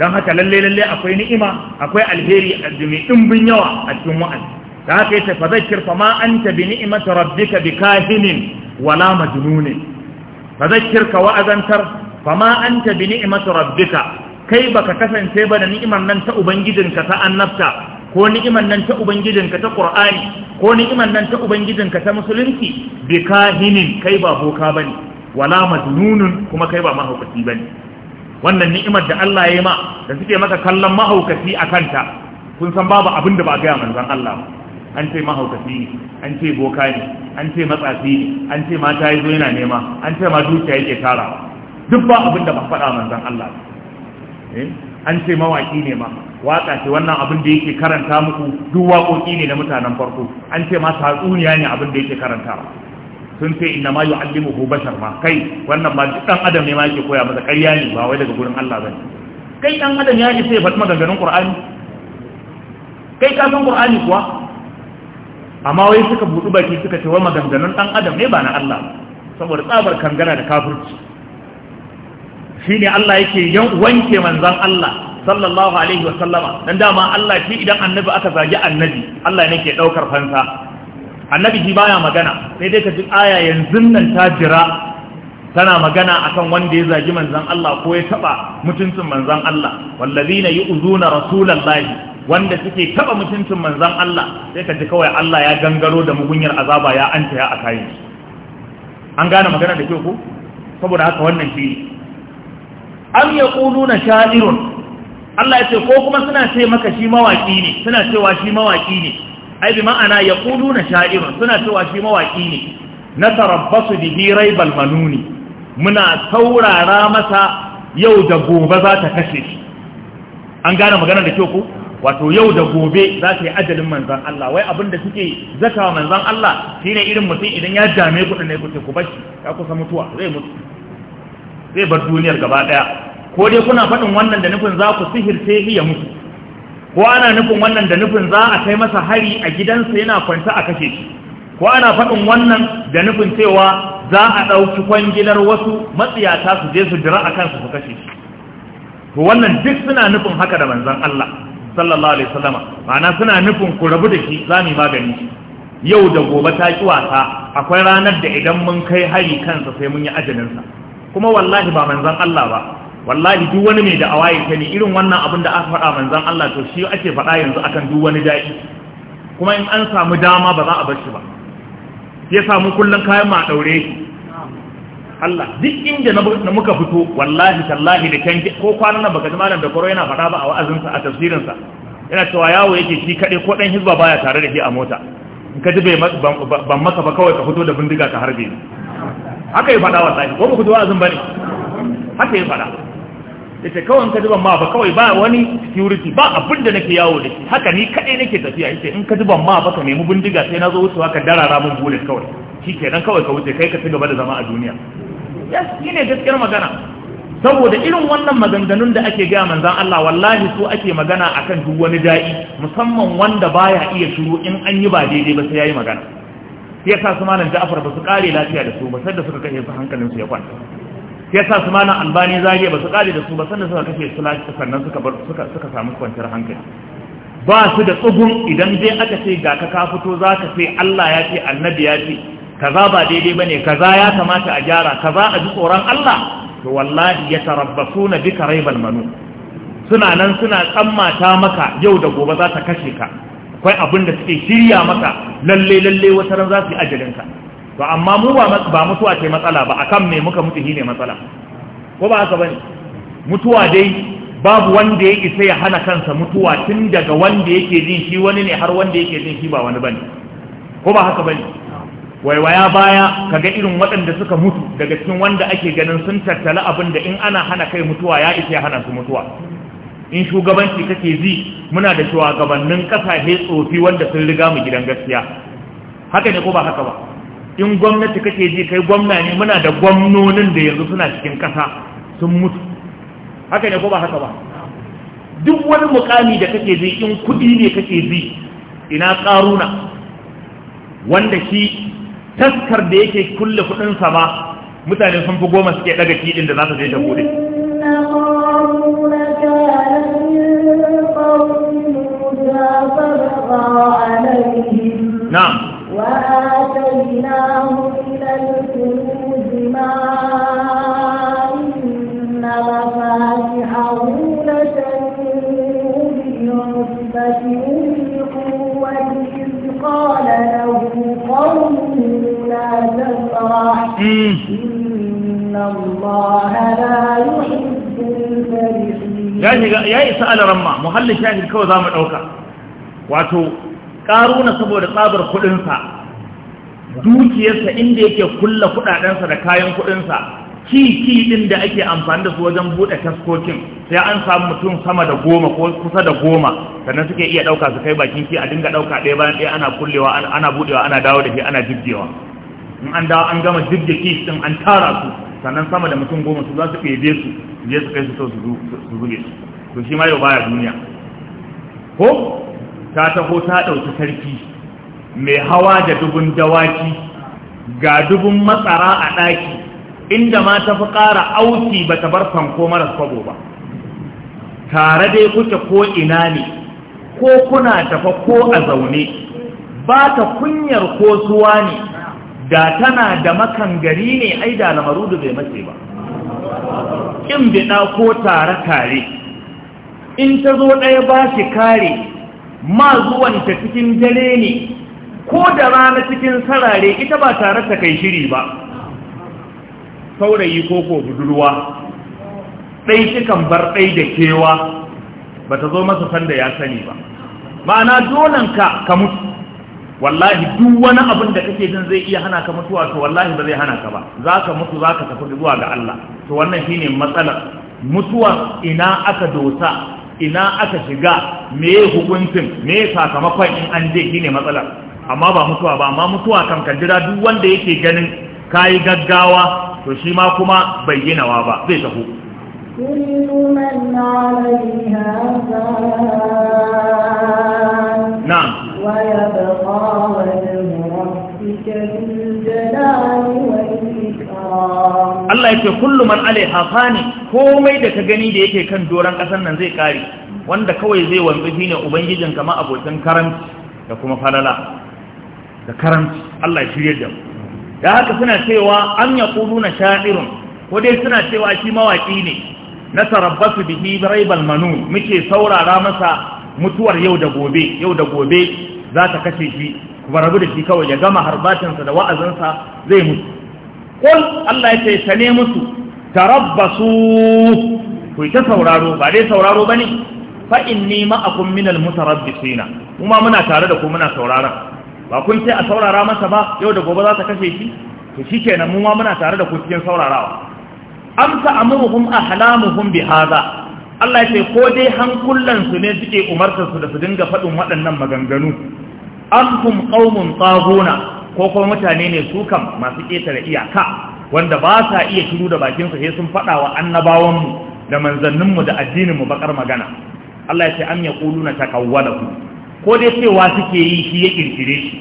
[SPEAKER 1] don haka lalle lalle akwai ni'ima akwai alheri a jimi ɗimbin yawa a cikin wa'an da haka yace fa zakir fa ma anta bi ni'imati rabbika bi kahinin wala majnun fa zakir ka wa'azantar fa ma anta bi ni'imati rabbika kai baka kasance ba da ni'imar nan ta ubangijinka ta annabta ko ni'imar nan ta ubangijinka ta qur'ani ko ni'imar nan ta ubangijinka ta musulunci bi kahinin kai ba boka bane wala majnunun kuma kai ba mahaukaci bane wannan ni'imar da Allah ya yi ma da suke maka kallon mahaukaci a kanta kun san babu abin da ba ga manzon Allah ba. an ce mahaukaci ne an ce boka ne an ce matsafi ne an ce mata yazo yana nema an ce ma dukiya yake tarawa duk ba abin da ba faɗa manzon Allah eh? an ce mawaki ne ma waka ce wannan abin da yake karanta muku duk waƙoƙi ne na mutanen farko an ce ma tatsuniya ne abin da yake karanta. sun ce inna ma yu'allimuhu bashar ma kai wannan ma duk dan adam ne ma yake koya masa ƙarya ne ba wai daga gurin Allah bane kai dan adam ya isa ya faɗi maganganun Qur'ani kai ka san Qur'ani kuwa amma wai suka buɗu baki suka ce wai maganganun dan adam ne ba na Allah saboda tsabar kangana da kafirci shine Allah yake wanke manzon Allah sallallahu alaihi wa sallama dan dama Allah shi idan annabi aka zagi annabi Allah ne ke daukar fansa annabi shi baya magana sai dai ka ji aya yanzu nan ta jira tana magana akan wanda ya zagi manzon Allah ko ya taba mutuncin manzon Allah wallazina yu'zuna rasulallahi wanda suke taba mutuncin manzan Allah sai ka ji kawai Allah ya gangaro da mugunyar azaba ya anta ya a an gane magana da kyau ko saboda haka wannan shi am yaquluna sha'irun Allah ya ce ko kuma suna ce maka shi mawaki ne suna cewa shi mawaki ne ai bi ma'ana ya kudu na sha'irun suna cewa shi mawaki ne na tarabbasu bihi raibal manuni muna taurara masa yau da gobe za ta kashe shi an gane magana da kyau ko wato yau da gobe za ta yi ajalin manzan Allah wai abin da suke zaka manzan Allah shine irin mutum idan ya dame kuɗi ne ku ku bashi ya kusa mutuwa zai mutu zai bar duniyar gaba ɗaya ko dai kuna faɗin wannan da nufin za ku sihirce shi ya mutu ko ana nufin wannan da nufin za a kai masa hari a gidansa yana kwanta a kashe shi ko ana faɗin wannan da nufin cewa za a ɗauki kwangilar wasu matsiyata su je su jira a kansu su kashe shi to wannan duk suna nufin haka da manzon Allah sallallahu alaihi wasallama ma'ana suna nufin ku rabu da shi za mu magani shi yau da gobe ta ki wasa akwai ranar da idan mun kai hari kansa sai mun yi ajalinsa kuma wallahi ba manzon Allah ba wallahi duk wani mai da awaye ta ne irin wannan abin da aka faɗa manzon Allah to shi ake faɗa yanzu akan duk wani da'i kuma in an samu dama ba za a bar shi ba ya samu kullun kayan ma daure Allah duk inda na muka fito wallahi tallahi da kan ko kwanan nan baka ji malam da koro yana faɗa ba a wa'azinsa a sa yana cewa yawo yake shi kaɗai ko ɗan hizba baya tare da shi a mota in ka ji ban masa ba kawai ka fito da bindiga ka harbe haka yi faɗa wallahi ko ba ku ji wa'azin ba ne haka yi faɗa ita kawai ka zuban ma ba kawai ba wani security ba abin da nake yawo da shi haka ni kadai nake tafiya ita in ka duban ma ba ka nemi bindiga sai na zo wucewa haka darara mun bullet kawai shi nan kawai ka wuce kai ka cigaba da zama a duniya ya ne gaskiyar magana saboda irin wannan maganganun da ake gaya manzan Allah wallahi su ake magana akan duk wani da'i musamman wanda baya iya shiru in an yi ba daidai ba sai yayi magana sai ya sa su malam Ja'far ba su kare lafiya da su ba sai da suka kashe su hankalin su ya kwanta ya sa su mana albani zariya ba su kare da su ba sannan suka kashe su sannan suka bar suka suka samu kwanciyar hankali ba su da tsugun idan dai aka ce ga ka ka fito za ka ce Allah ya ce annabi ya ce kaza ba daidai ba ne kaza ya kamata a gyara kaza a ji tsoron Allah to wallahi ya tarabbasu na bika raibal manu suna nan suna tsammata maka yau da gobe za ta kashe ka akwai abin da suke shirya maka lalle lalle wata ran za su yi ajalinka to amma mu ba mutuwa ce matsala ba akan me muka mutu ne matsala ko ba haka bane mutuwa dai babu wanda ya isa ya hana kansa mutuwa tun daga wanda yake jin shi wani ne har wanda yake jin shi ba wani bane ko ba haka bane waiwaya baya kaga irin waɗanda suka mutu daga cikin wanda ake ganin sun tattala abin da in ana hana kai mutuwa ya isa ya hana su mutuwa in shugabanci kake zi muna da shugabannin ƙasashe tsofi wanda sun riga mu gidan gaskiya haka ne ko ba haka ba in gwamnati kake ji kai gwamna ne muna da gwamnonin da yanzu suna cikin kasa sun mutu haka ne ko ba haka ba duk wani mukami da kake ji in kudi ne kake ji ina karuna wanda shi taskar da yake kulle kudin sa ba mutane sun fi goma suke daga kidin da za su je ta bude
[SPEAKER 2] na'am وآتيناه إلى الكنوز ما إن مفاتحه لتنوء بالعصبة أولي القوة إذ قال له قومه لا تفرح إن الله لا يحب الفرحين. يا إيه،
[SPEAKER 1] يا إيه سأل رمى محل شاهد كوزام الأوكا واتو Karuna saboda tsabar kuɗinsa dukiyarsa inda yake kulla kuɗaɗensa da kayan kuɗinsa kiki ɗin da ake amfani da su wajen buɗe taskokin sai an samu mutum sama da goma ko kusa da goma sannan suke iya ɗauka su kai bakin ki a dinga ɗauka ɗaya bayan ɗaya ana kullewa ana buɗewa ana dawo da shi ana jibgewa in an dawo an gama jibge ki ɗin an tara su sannan sama da mutum goma su za su ɗebe su je su kai su so su zube su to shi ma yau baya duniya ko ta taho ta ɗauki sarki mai hawa da dubun dawaki ga dubun matsara a ɗaki inda ma ta fi ƙara auki ba ta bar fanko maras kwabo ba tare dai kuke ko ina ne ko kuna tafa ko a zaune ba ta kunyar ko suwa ne da tana da makan gari ne ai da lamaru da bai matse ba ƙin biɗa ko tare tare in ta zo ɗaya ba shi kare ma zuwan zuwanta cikin dare ne ko da rana cikin sarare ita ba tare ta kai shiri ba saurayi ko ko budurwa ɗai cikan bar ɗai da kewa ba ta zo masa sanda ya sani ba ma'ana dolanka ka mutu wallahi duk wani abin da kake jin zai iya hana ka mutuwa to wallahi ba zai hana ka ba za ka mutu za ka tafi zuwa ga Allah to wannan shine matsalar mutuwa ina aka dosa ina aka shiga me hukuncin me sakamakon in an je shine matsala amma ba mutuwa ba amma mutuwa kan kaddira duk wanda yake ganin kayi gaggawa to shi ma kuma bai wa ba zai tafi
[SPEAKER 2] na'am ويبقى وجه ربك ذو الجلال والإكرام Allah ya ce
[SPEAKER 1] kullu man alaiha fani komai da ka gani da yake kan doran ƙasar nan zai kare wanda kawai zai wanzu shine ubangijin kama abokin karanci da kuma falala da karanci Allah ya shirye da mu da haka suna cewa an ya kudu na sha'irun ko dai suna cewa shi mawaki ne na tarabbasu bihi raibal manu muke saurara masa mutuwar yau da gobe yau da gobe za ta kashe shi kuma rabu da shi kawai ya gama harbatinsa da wa'azinsa zai mutu kul Allah ya ce ta sane musu tarabbasu ku yi ta sauraro ba dai sauraro ba ne fa inni ma'akum minal mutarabbisina kuma muna tare da ku muna sauraron ba kun ce a saurara masa ba yau da gobe za ta kashe shi to shikenan mu ma muna tare da ku cikin saurarawa am ta'amuruhum ahlamuhum bi hadha Allah ya ce ko dai hankulan su ne suke umartar su da su dinga faɗin waɗannan maganganu am hum qaumun taghuna ko kuma mutane ne su kam masu ƙetare iyaka wanda ba sa iya shiru da bakinsu sai sun faɗa wa annabawanmu da manzanninmu da addininmu bakar magana Allah ya ce am yaquluna ku. ko dai cewa suke yi shi ya kirkire shi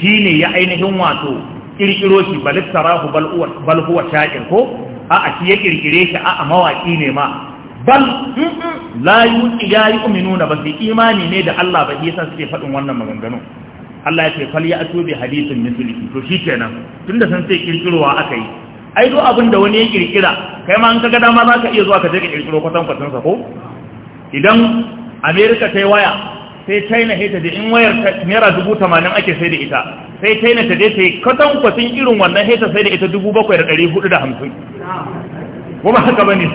[SPEAKER 1] shine ya ainihin wato kirkiro shi bal tarahu bal bal huwa sha'ir ko a a shi ya kirkire shi a a mawaki ne ma bal la yu'minu ba su imani ne da Allah ba yasa suke faɗin wannan maganganu Allah ya ce fal ya ato bi hadithin mislihi to shikenan tunda san sai kirkirowa aka yi ai do abin da wani ya kirkira kai ma an kaga dama za ka iya zuwa ka je ka kirkiro kwatan kwatan sa ko idan America ta waya sai China sai ta je in wayar naira dubu tamanin ake sai da ita sai China ta je sai kwatan kwatan irin wannan sai ta sai da ita dubu bakwai da ɗari hudu da hamsin kuma haka ba ne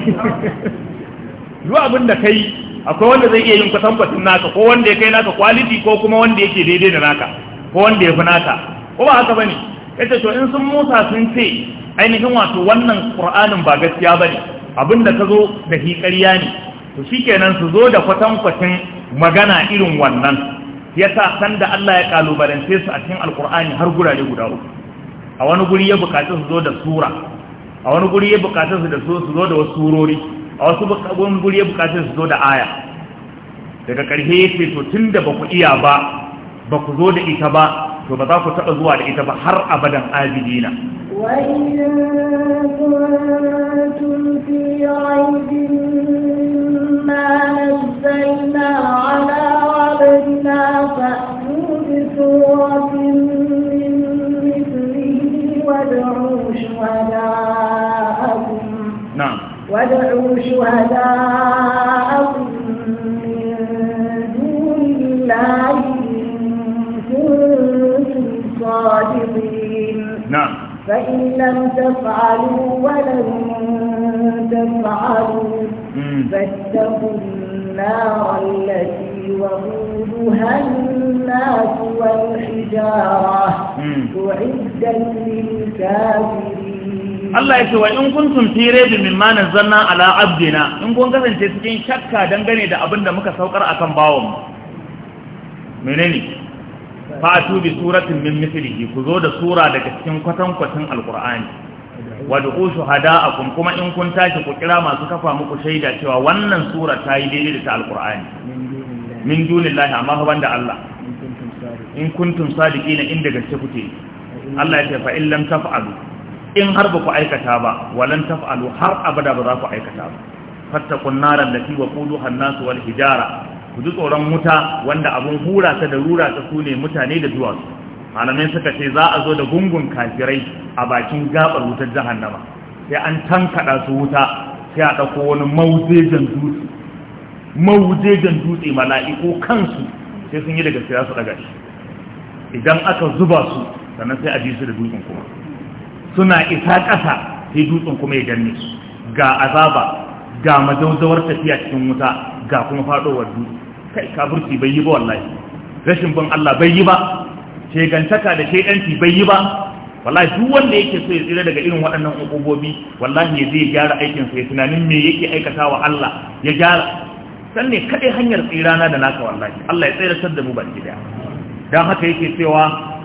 [SPEAKER 1] (laughs) abin da kai akwai wanda zai iya yin kwatan naka ko wanda ya kai naka quality ko kuma wanda yake daidai da naka ko wanda ya fi naka ko ba haka bane yace to in sun musa sun ce ainihin wato wannan qur'anin ba gaskiya bane abinda ka zo da shi ƙarya ne to shikenan su zo da kwatankwacin magana irin wannan yasa san da Allah ya kalubalance su a cikin alqur'ani har gurare guda uku a wani guri ya buƙaci su zo da sura a wani guri ya buƙaci su da su zo da wasu surori a wasu wani guri ya buƙaci su zo da aya daga ƙarshe ya ce to tun da ba ku iya ba ba ku zo da ita ba to ba za ku taɓa zuwa da ita ba har abadan abidina
[SPEAKER 2] وادعوا شهداءكم فإن لم تفعلوا ولن تفعلوا فاتقوا النار التي وقودها الناس والحجارة أعدت للكافرين Allah ya ce wa in sun fere da
[SPEAKER 1] mimma nazzalna ala abdina in kun kasance cikin shakka dangane da abin da muka saukar akan bawon menene fatu bi suratin min mislihi ku zo da sura daga cikin kwatankwacin alqur'ani wa du'u shuhada'akum kuma in kun tashi ku kira masu kafa muku shaida cewa wannan sura ta yi daidai da ta alqur'ani min dunillahi amma fa Allah in kuntum sadiqina inda gaske kuke Allah ya ce fa in lam taf'alu in har ba ku aikata ba walan taf'alu har abada ba za ku aikata ba fattaqun naral lati waquduha an-nas wal hijara ku ji tsoron wuta wanda abun hura ta da rura ta su ne mutane da duwatsu malamai suka ce za a zo da gungun kafirai a bakin gabar wutar jahannama sai an tankaɗa su wuta sai a ɗauko wani maujejen dutse maujejen dutse mala'iku kansu sai sun yi daga siya su shi idan aka zuba su sannan sai a ji su da dutsen kuma suna isa ƙasa sai dutsen kuma ya danne su ga azaba ga mazauzawar tafiya cikin wuta ga kuma faɗowar dutse kai kafirci bai yi ba wallahi rashin bin Allah bai yi ba shegantaka da shaidanci bai yi ba wallahi duk wanda yake so ya tsira daga irin waɗannan ukubobi wallahi ya zai gyara aikin sa ya tunanin me yake aikata wa Allah ya gyara san ne kadai hanyar tsira na da naka wallahi Allah ya tsira da mu ki daya dan haka yake cewa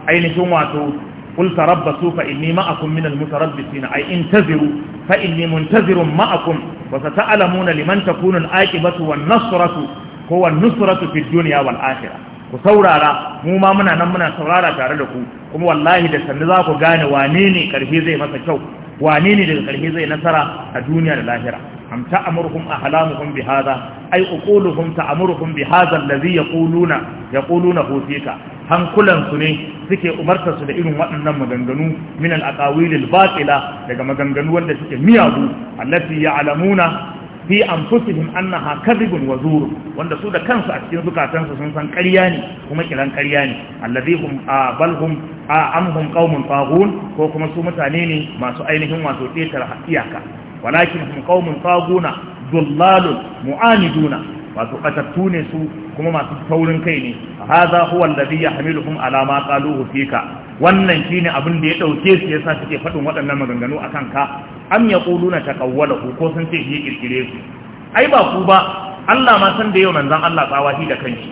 [SPEAKER 1] ainihin wato قل تربصوا فإني معكم من المتربصين أي انتظروا فإني منتظر معكم وستعلمون لمن تكون الآكبة والنصرة هو النصرة في الدنيا والآخرة ku saurara mu ma muna nan muna saurara tare da ku kuma wallahi da sannu za ku gane wane ne karfi zai masa kyau wane ne daga karfi zai nasara a duniya da lahira am ta'muruhum ahlamuhum bihadha ay uquluhum ta'muruhum bihadha alladhi yaquluna yaquluna husika hankulansu ne suke umartarsu da irin waɗannan maganganu min al-aqawilil batila daga maganganu wanda suke miyagu allati ya'lamuna fi anfusihim annaha kadhibun wa zur wanda su da kansu a cikin zukatansu sun san ƙarya ne kuma kiran ƙarya ne allazi hum balhum amhum qaumun taghun ko kuma su mutane ne masu ainihin wato tsekar iyaka walakin hum qaumun taghuna dullalun mu'aniduna wato batattu ne su kuma masu taurin kai ne hadha huwa alladhi yahmiluhum ala ma qaluhu fika wannan shine abin da ya dauke su yasa suke fadin waɗannan maganganu akan ka am yaquluna taqawwalahu ko sun ce shi kirkire su ai ba ku ba Allah ma san da yau manzon Allah tsawahi da kanshi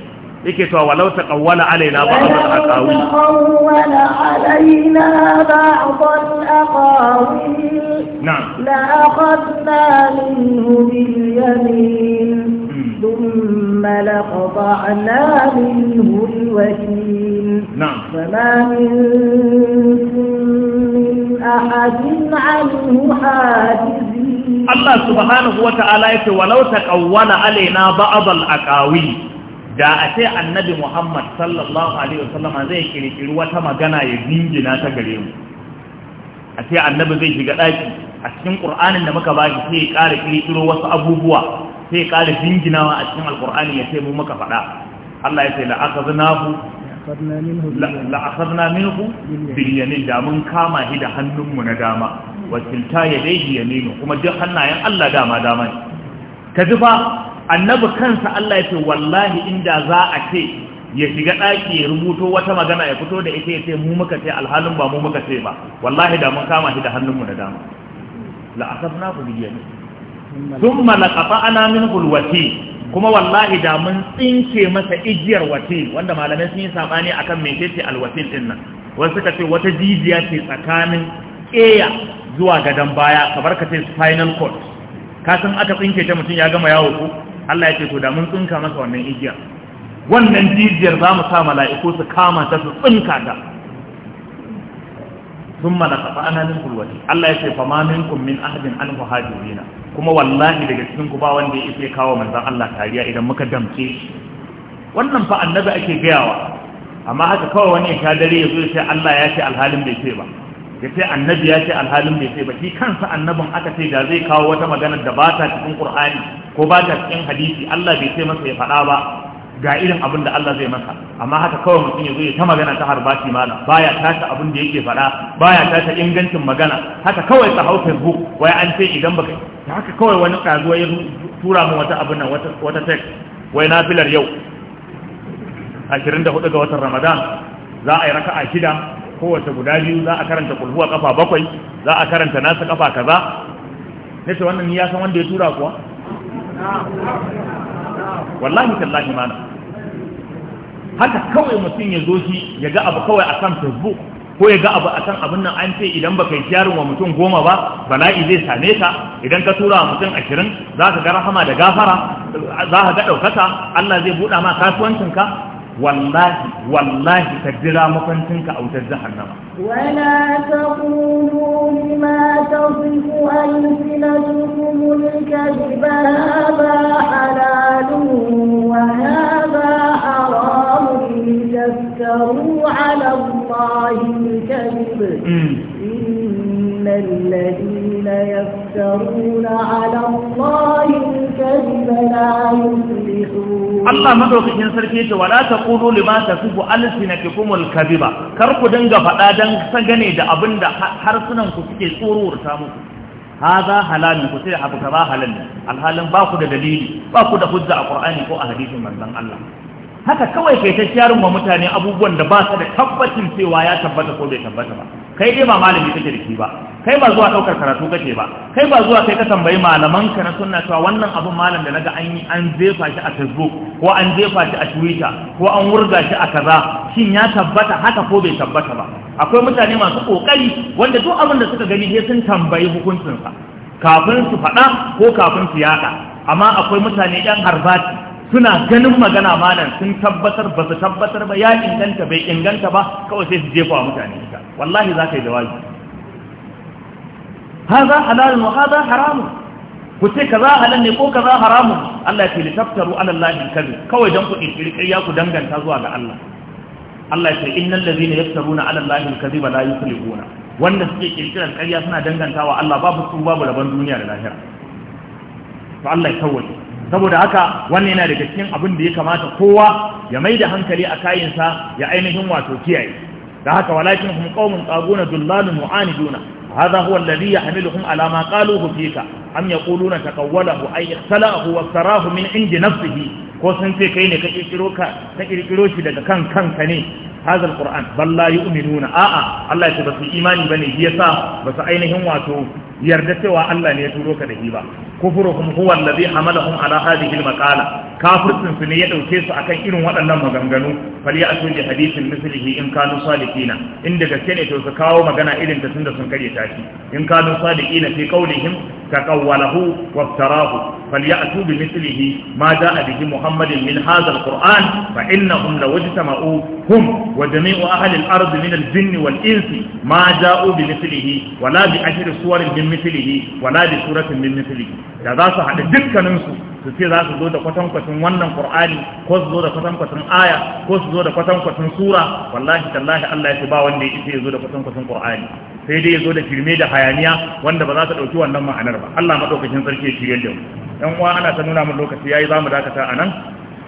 [SPEAKER 1] yake cewa walau taqawwala alaina ba'd al-aqawi
[SPEAKER 2] taqawwala alaina ba'd al-aqawi na'am la aqadna minhu bil yamin ثم لقطعنا منه
[SPEAKER 1] الوتين نعم
[SPEAKER 2] فما منكم من أحد
[SPEAKER 1] عنه حاجزين الله سبحانه وتعالى يقول ولو تقول علينا بعض الأقاويل da a ce annabi Muhammad sallallahu alaihi wasallama zai kirkiri wata magana ya jingina ta gare mu a ce annabi zai shiga daki a cikin Qur'anin da muka ba sai ya ƙara kirkiro wasu abubuwa sai ya ƙara jinginawa a cikin alkur'ani ya ce mu maka faɗa Allah ya ce la'akaznahu la'akazna minhu bil yamin da mun kama shi da hannunmu na dama wa ya yadayhi yaminu kuma duk hannayen Allah dama dama ne ka ji fa annabi kansa Allah ya ce wallahi inda za a ce ya shiga ɗaki ya rubuto wata magana ya fito da ita ya ce mu muka ce alhalin ba mu muka ce ba wallahi da mun kama shi da hannunmu na dama la'akazna ku yamin sun malakafa ana min hulwati kuma wallahi da mun tsinke masa igiyar wati wanda malamai sun yi saɓani a kan mecece alwatil ɗin nan wasu suka ce wata jijiya ce tsakanin ƙeya zuwa gadon baya kamar ka ce spinal cord kasan aka tsinke ta mutum ya gama yawo ko Allah ya ce to da mun tsinka masa wannan igiyar wannan jijiyar za mu sa mala'iku su kama ta su tsinka ta sun mana tafa ana min kulwati Allah ya ce fa ma minkum min ahadin an muhajirina kuma wallahi daga cikin ku ba wanda ya isa kawo manzon Allah kariya idan muka damce shi wannan fa annabi ake gayawa amma haka kawai wani ya dare ya zo ya ce Allah ya ce alhalin bai ce ba ya ce annabi ya ce alhalin bai sai ba shi kansa annabin aka ce da zai kawo wata magana da ba ta cikin qur'ani ko ba ta cikin hadisi Allah bai ce masa ya faɗa ba ga irin abin da Allah zai masa amma haka kawai mutum ya zo ya ta magana ta harbaci mala baya tashi abin da yake faɗa baya tashi ingancin magana haka kawai ta hau facebook wai an ce idan baka haka kawai wani kazuwa ya tura min wata abin nan wata text wai na filar yau 24 ga watan ramadan za a yi raka'a shida kowace guda biyu za a karanta kulhuwa kafa bakwai za a karanta nasu kafa kaza nace wannan ni ya san wanda ya tura kuwa wallahi tallahi mana haka kawai mutum ya zo shi ya ga abu kawai akan facebook ko ya ga abu akan abin nan an ce idan baka yi wa mutum goma ba bala'i zai same ka idan ka tura wa mutum ashirin za ka ga rahama da gafara za ka ga ɗaukaka Allah zai buɗa ma kasuwancinka والله والله تجرى مفنسنك أو تجزح النمى
[SPEAKER 2] ولا تقولوا بما تصف ألسنتكم الكذب هذا حلال وهذا حرام لتفتروا على الله الكذب إن الذين يفترون Allah madaukakin
[SPEAKER 1] sarki yace wala taqulu lima tasifu alsinatukum alkaziba kar ku dinga faɗa dan gane da abinda harsunan ku suke tsururta muku hadha halal ku sai abu kaza halal alhalin ba ku da dalili ba ku da hujja a Qur'ani ko a hadisin manzon Allah haka kawai kai ta sharin wa mutane abubuwan da ba su da tabbacin cewa ya tabbata ko bai tabbata ba kai dai ba malami kake da ba kai ba zuwa ɗaukar karatu kake ba kai ba zuwa kai ka tambayi malaman ka na suna cewa wannan abin malam da naga an yi an jefa shi a facebook ko an jefa shi a twitter ko an wurga shi a kaza shin ya tabbata haka ko bai tabbata ba akwai mutane masu kokari wanda duk abin da suka gani sai sun tambayi hukuncin sa kafin su faɗa ko kafin su yaɗa amma akwai mutane ɗan harbati suna ganin magana malam sun tabbatar ba su tabbatar ba ya inganta bai inganta ba kawai sai su jefa wa mutane ita wallahi za ka yi jawabi haza halalun wa haza haramun ku ce kaza halal ne ko kaza haramun Allah ya litaftaru ala Allah kazi kawai dan ku kirkiri ƙarya ku danganta zuwa ga Allah Allah ya ce innal ladhina yaftaruna ala Allah al-kadhiba la yuflihuna wanda suke kirkiran ƙarya suna dangantawa Allah babu su babu rabon duniya da lahira to Allah ya tawaye saboda haka wannan yana daga cikin abin da ya kamata kowa ya mai da hankali a kayinsa ya ainihin wato kiyaye da haka walakin hum qaumun qaguna dullalun mu'aniduna هذا هو الذي يحملهم على ما قالوه فيك أم يقولون تقوله أي اختلأه وافتراه من عند نفسه كوسن في كين كإكروك كإكروش لك كان كان كني هذا القرآن بل لا يؤمنون آآ آه الله يتبس إيماني بني هي سا بس أينهم واتو يردت وآ الله ليتولوك رهيبا kufruhum huwa alladhi hamalahum ala hadhihi almaqala kafircin su ne ya dauke su akan irin waɗannan maganganu fal ya asu hadisin hadithin mislihi in kanu salihina in da gaske ne to su kawo magana irin ta tunda sun karya tashi in kanu salihina fi qawlihim تقوله وابتراه فليأتوا بمثله ما جاء به محمد من هذا القرآن فإنهم لو اجتمعوا هم وجميع أهل الأرض من الجن والإنس ما جاءوا بمثله ولا بأجر سور من مثله ولا بسورة من مثله هذا صح da ننسو su ce za su zo da kwatankwacin wannan ƙur'ani ko su zo da kwatankwacin aya ko su zo da kwatankwacin sura wallahi tallahi Allah ya ce ba wanda ya ce ya zo da kwatankwacin ƙur'ani sai dai ya zo da firme da hayaniya wanda ba za ta ɗauki wannan ma'anar ba Allah maɗaukakin sarki ya shirye da mu uwa ana ta nuna mun lokaci yayi za mu dakata a nan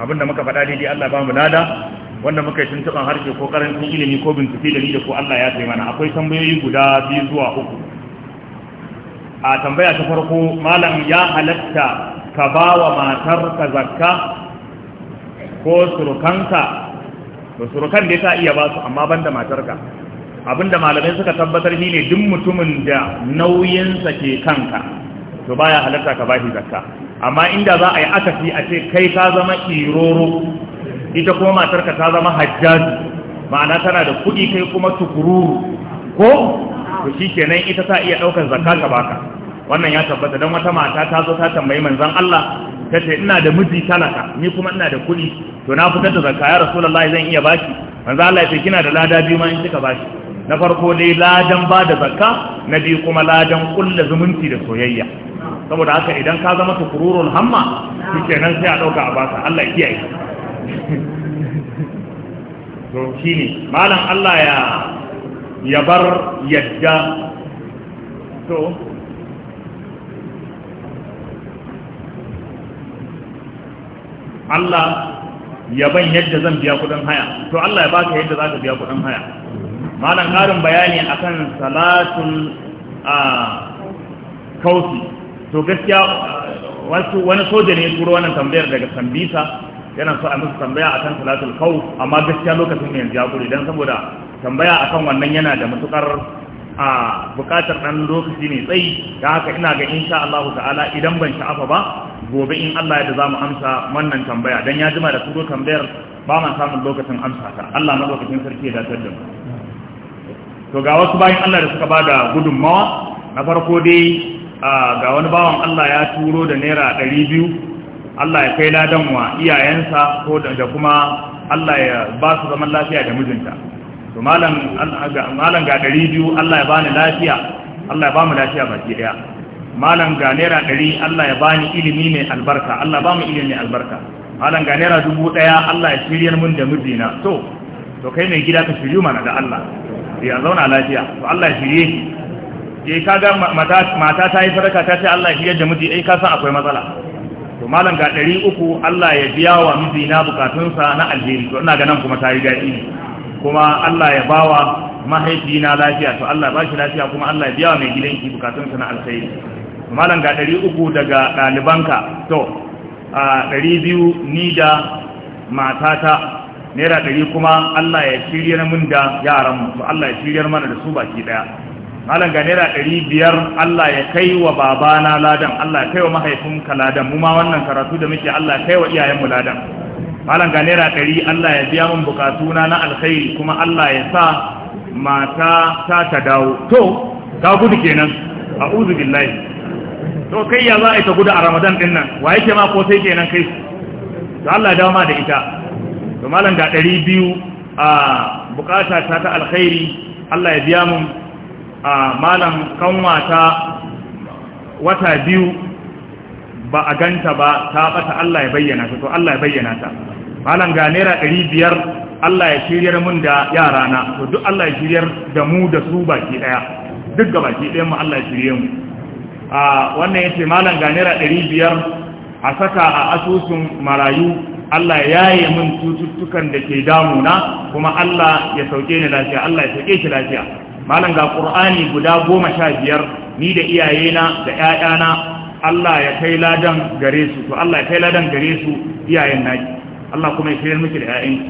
[SPEAKER 1] abinda muka faɗa daidai Allah ba mu lada wanda muka yi tuntuɓan harshe ko karancin ilimi ko bincike da ni da ko Allah ya taimana. akwai tambayoyi guda biyu zuwa uku a tambaya ta farko malam ya halatta ka ba wa ka zakka ko surukanka to surukan da ta iya ba su amma ban da matarka Abin da malamai suka tabbatar shine duk mutumin da nauyinsa ke kanka to baya halarta ka bashi zakka amma inda za a yi akasi a ce kai ka zama iroro ita kuma matarka ta zama hajjaji ma'ana tana da kuɗi kai kuma tukururu ko to shikenan ita ta iya ɗaukar zakka ka baka wannan ya tabbata don wata mata ta zo ta tambayi manzon Allah ta ce ina da miji talaka ni kuma ina da kuɗi to na fitar da zakka ya rasulullahi zan iya bashi manzo Allah ya ce kina da lada biyu ma in kika bashi na farko dai ladan ba da zakka na biyu kuma ladan kulla zumunci da soyayya saboda haka idan ka zama tukururul hamma shi kenan sai a ɗauka a basa Allah yi. (laughs) to shi ne malam Allah ya ya bar yadda to Allah ya ban yadda zan biya kudin haya to Allah ya baka yadda za ka biya kudin haya malam ƙarin bayani akan salatun a kausi to gaskiya wani soja ne turo wannan tambayar daga sambisa yana so a musu tambaya akan salatul kaus amma gaskiya lokacin ne yanzu ya kure dan saboda tambaya akan wannan yana da matukar a bukatar dan lokaci mai tsayi da haka ina ga insha Allah ta'ala idan ban sha'afa ba gobe in Allah ya da zamu amsa wannan tambaya dan ya jima da turo tambayar ba ma samun lokacin amsa ta Allah na lokacin sarki ya dace da mu to ga wasu bayan Allah da suka bada gudunmawa na farko dai ga wani bawan Allah ya turo da naira ɗari biyu Allah ya kai ladan wa iyayensa ko da kuma Allah ya ba su zaman lafiya da mijinta to malam ga ɗari biyu Allah ya bani lafiya Allah ya ba mu lafiya baki ɗaya malam ga naira ɗari Allah ya bani ilimi mai albarka Allah ba mu ilimi mai albarka malam ga naira dubu ɗaya Allah ya shiryar mun da mijina to to kai mai gida ka shiryu mana da Allah sai a zauna lafiya to Allah shirye shi ke eh, kaga mata mata ta yi sadaka ta ce Allah shirye da miji ai ka san akwai matsala to malam ga 300 Allah ya biya wa miji na bukatunsa na alheri to ina ganin kuma ta yi daɗi kuma Allah ya bawa mahaifina lafiya to Allah ba shi lafiya kuma Allah ya biya wa mai gidanki bukatunsa na alheri malam ga 300 daga ɗalibanka to a 200 ni da matata naira ɗari kuma Allah ya shiryar mun da yaran mu Allah ya shiryar mana da su baki ɗaya. malam ga naira ɗari biyar Allah ya kai wa babana ladan Allah ya kai wa mahaifinka ladan mu ma wannan karatu da muke Allah ya kai wa iyayenmu ladan malam ga naira ɗari Allah ya biya mun bukatuna na alkhairi kuma Allah ya sa mata ta ta dawo to ka gudu kenan a'udhu billahi to kai ya za a gudu a Ramadan dinnan, nan wa yake ma ko sai kenan kai to Allah ya dawo ma da ita to malam ga ɗari biyu a bukata ta ta alkhairi Allah ya biya mun a malam kanwata wata biyu ba a ganta ba ta bata Allah ya bayyana ta to Allah ya bayyana ta malam ga naira ɗari biyar Allah ya shiryar mun da yarana to duk Allah ya shiryar da mu da su baki ɗaya duk ga baki daya mu Allah ya shirye mu a wannan yace malam ga naira ɗari biyar a saka a asusun marayu Allah ya yi min cututtukan da ke damuna kuma Allah ya sauke ni lafiya Allah ya sauke shi lafiya malam ga qur'ani guda goma sha biyar ni da iyayena da ƴaƴana Allah ya kai ladan gare su to Allah ya kai ladan gare su iyayen naki Allah kuma ya shirya miki da ƴaƴanki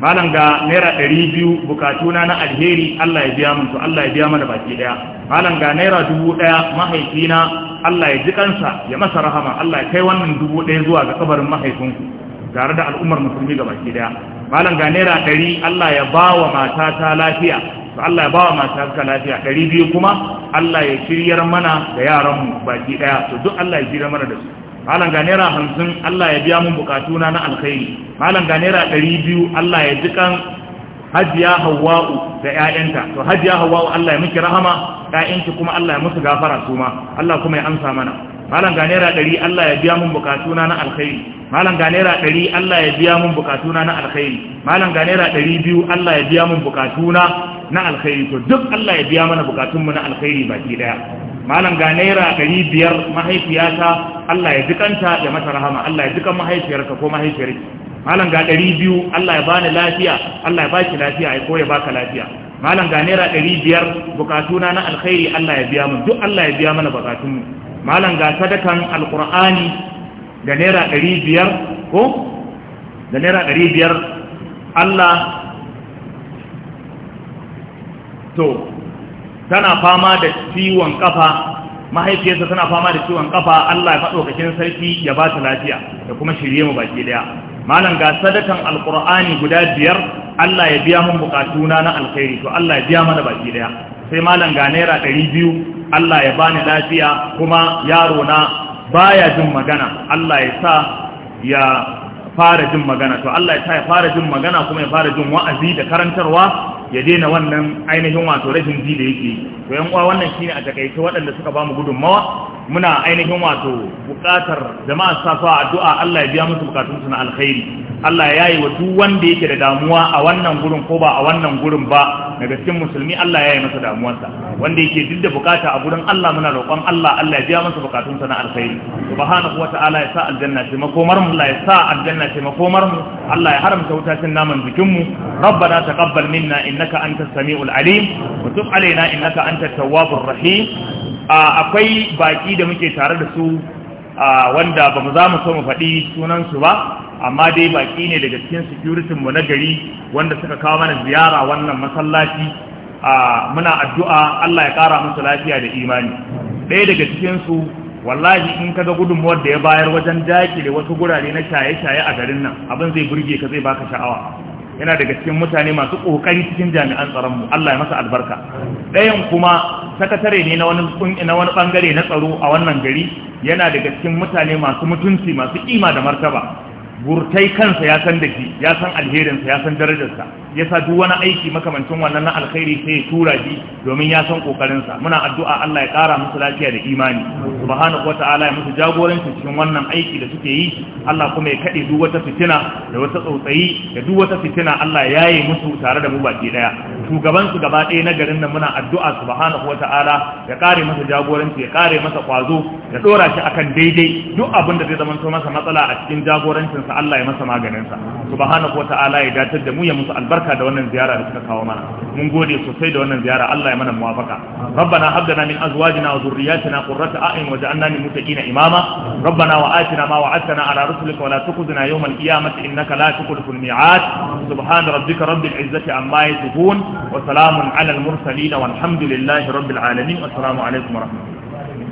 [SPEAKER 1] malam ga naira ɗari biyu bukatuna na alheri Allah ya biya min to Allah ya biya mana baki ɗaya malam ga naira dubu ɗaya mahaifina Allah ya ji kansa ya masa rahama Allah ya kai wannan dubu ɗaya zuwa ga kabarin mahaifinku tare da al'ummar musulmi ga baki daya malam ga naira ɗari Allah ya ba wa matata lafiya to Allah ya ba wa matata lafiya ɗari biyu kuma Allah ya shiryar mana da yaranmu baki daya to duk Allah ya shiryar mana da su malam ga naira hamsin Allah ya biya mun bukatuna na alkhairi malam ga naira ɗari biyu Allah ya jikan hajiya hawa'u da ƴaƴanta to hajiya hawa'u Allah ya miki rahama ƴaƴanki kuma Allah ya musu gafara su ma Allah kuma ya amsa mana malam ga naira ɗari Allah ya biya mun bukatuna na alkhairi malam ga naira ɗari Allah ya biya mun bukatuna na alkhairi malam ga naira ɗari biyu Allah ya biya mun bukatuna na alkhairi to duk Allah ya biya mana bukatunmu na alkhairi baki ɗaya malam ga naira ɗari biyar mahaifiyata Allah ya jikanta ya mata rahama Allah ya jikan mahaifiyarka ko mahaifiyarki malam ga ɗari biyu Allah ya bani lafiya Allah ya baki lafiya ko ya baka lafiya malam ga naira ɗari biyar bukatuna na alkhairi Allah ya biya mun. duk Allah ya biya mana bukatunmu malam ga sadakan alkur'ani da naira ɗari biyar ko da naira ɗari biyar allah to tana fama da ciwon kafa mahaifiyarsa tana fama da ciwon kafa Allah ya faɗo kakin sarki ya ba ta lafiya da kuma shirye mu baki daya malam ga sadakan Alkur'ani guda biyar Allah ya biya mun bukatuna na alkhairi to Allah ya biya mana baki daya sai malam ga naira ɗari biyu Allah ya bani lafiya kuma yaro na baya jin magana Allah ya sa ya fara jin magana to Allah ya sa ya fara jin magana kuma ya fara jin wa'azi da karantarwa ya daina wannan ainihin wato rashin ji da yake to yan uwa wannan shine a takaice waɗanda suka bamu gudunmawa muna ainihin wato buƙatar jama'a sa sa addu'a Allah ya biya musu bukatun su na alkhairi Allah ya yi wa duk wanda yake da damuwa a wannan gurin ko ba a wannan gurin ba daga cikin musulmi Allah ya yi masa damuwarsa wanda yake duk da bukata a gurin Allah muna roƙon Allah Allah ya biya masa sa na alkhairi subhanahu wata'ala ya sa aljanna ce makomar mu Allah ya sa aljanna ce makomar mu Allah ya haramta wutacin naman jikin mu rabbana taqabbal minna innaka antas samiul alim wa tub alaina innaka antat tawwabur rahim akwai baki da muke tare da su wanda bamu za mu so mu faɗi sunan su ba amma dai baki ne daga cikin security mu na gari wanda suka kawo mana ziyara wannan masallaci muna addu'a Allah ya ƙara musu lafiya da imani ɗaya daga cikin su wallahi in kaga gudunmuwar da ya bayar wajen dakile wasu gurare na shaye-shaye a garin nan abin zai burge ka zai baka sha'awa yana daga cikin mutane masu kokari cikin jami'an tsaron mu Allah ya masa albarka ɗayan kuma sakatare ne na wani na wani bangare na tsaro a wannan gari yana daga cikin mutane masu mutunci masu kima da martaba burtai kansa ya san da shi ya san alherinsa ya san darajarsa ya sa duk wani aiki makamancin wannan na alkhairi sai ya tura shi domin ya san kokarinsa muna addu'a Allah ya kara musu lafiya da imani subhanahu wata'ala ya musu jagoranci cikin wannan aiki da suke yi Allah kuma ya kaɗe duk wata fitina da wata tsautsayi da duk wata fitina Allah ya yaye musu tare da mu baki daya shugaban su gaba ɗaya na garin nan muna addu'a subhanahu wata'ala ya kare masa jagoranci ya kare masa kwazo ya dora shi akan daidai duk abin da zai zama masa matsala a cikin jagorancin sa Allah ya masa maganin sa subhanahu wata'ala ya datar da mu ya musu albarka da wannan ziyara da suka kawo mana mun gode sosai da wannan ziyara Allah ya mana muwafaka rabbana hab lana min azwajina wa dhurriyyatina qurrata a'yun waj'alna lil muttaqina imama rabbana wa atina ma wa'adtana ala rusulika wa la tukhzina yawmal qiyamati innaka la tukhlifu al mi'ad subhana rabbika rabbil izzati amma yasifun wa salamun ala al mursalin والحمد لله رب العالمين والسلام wa ورحمة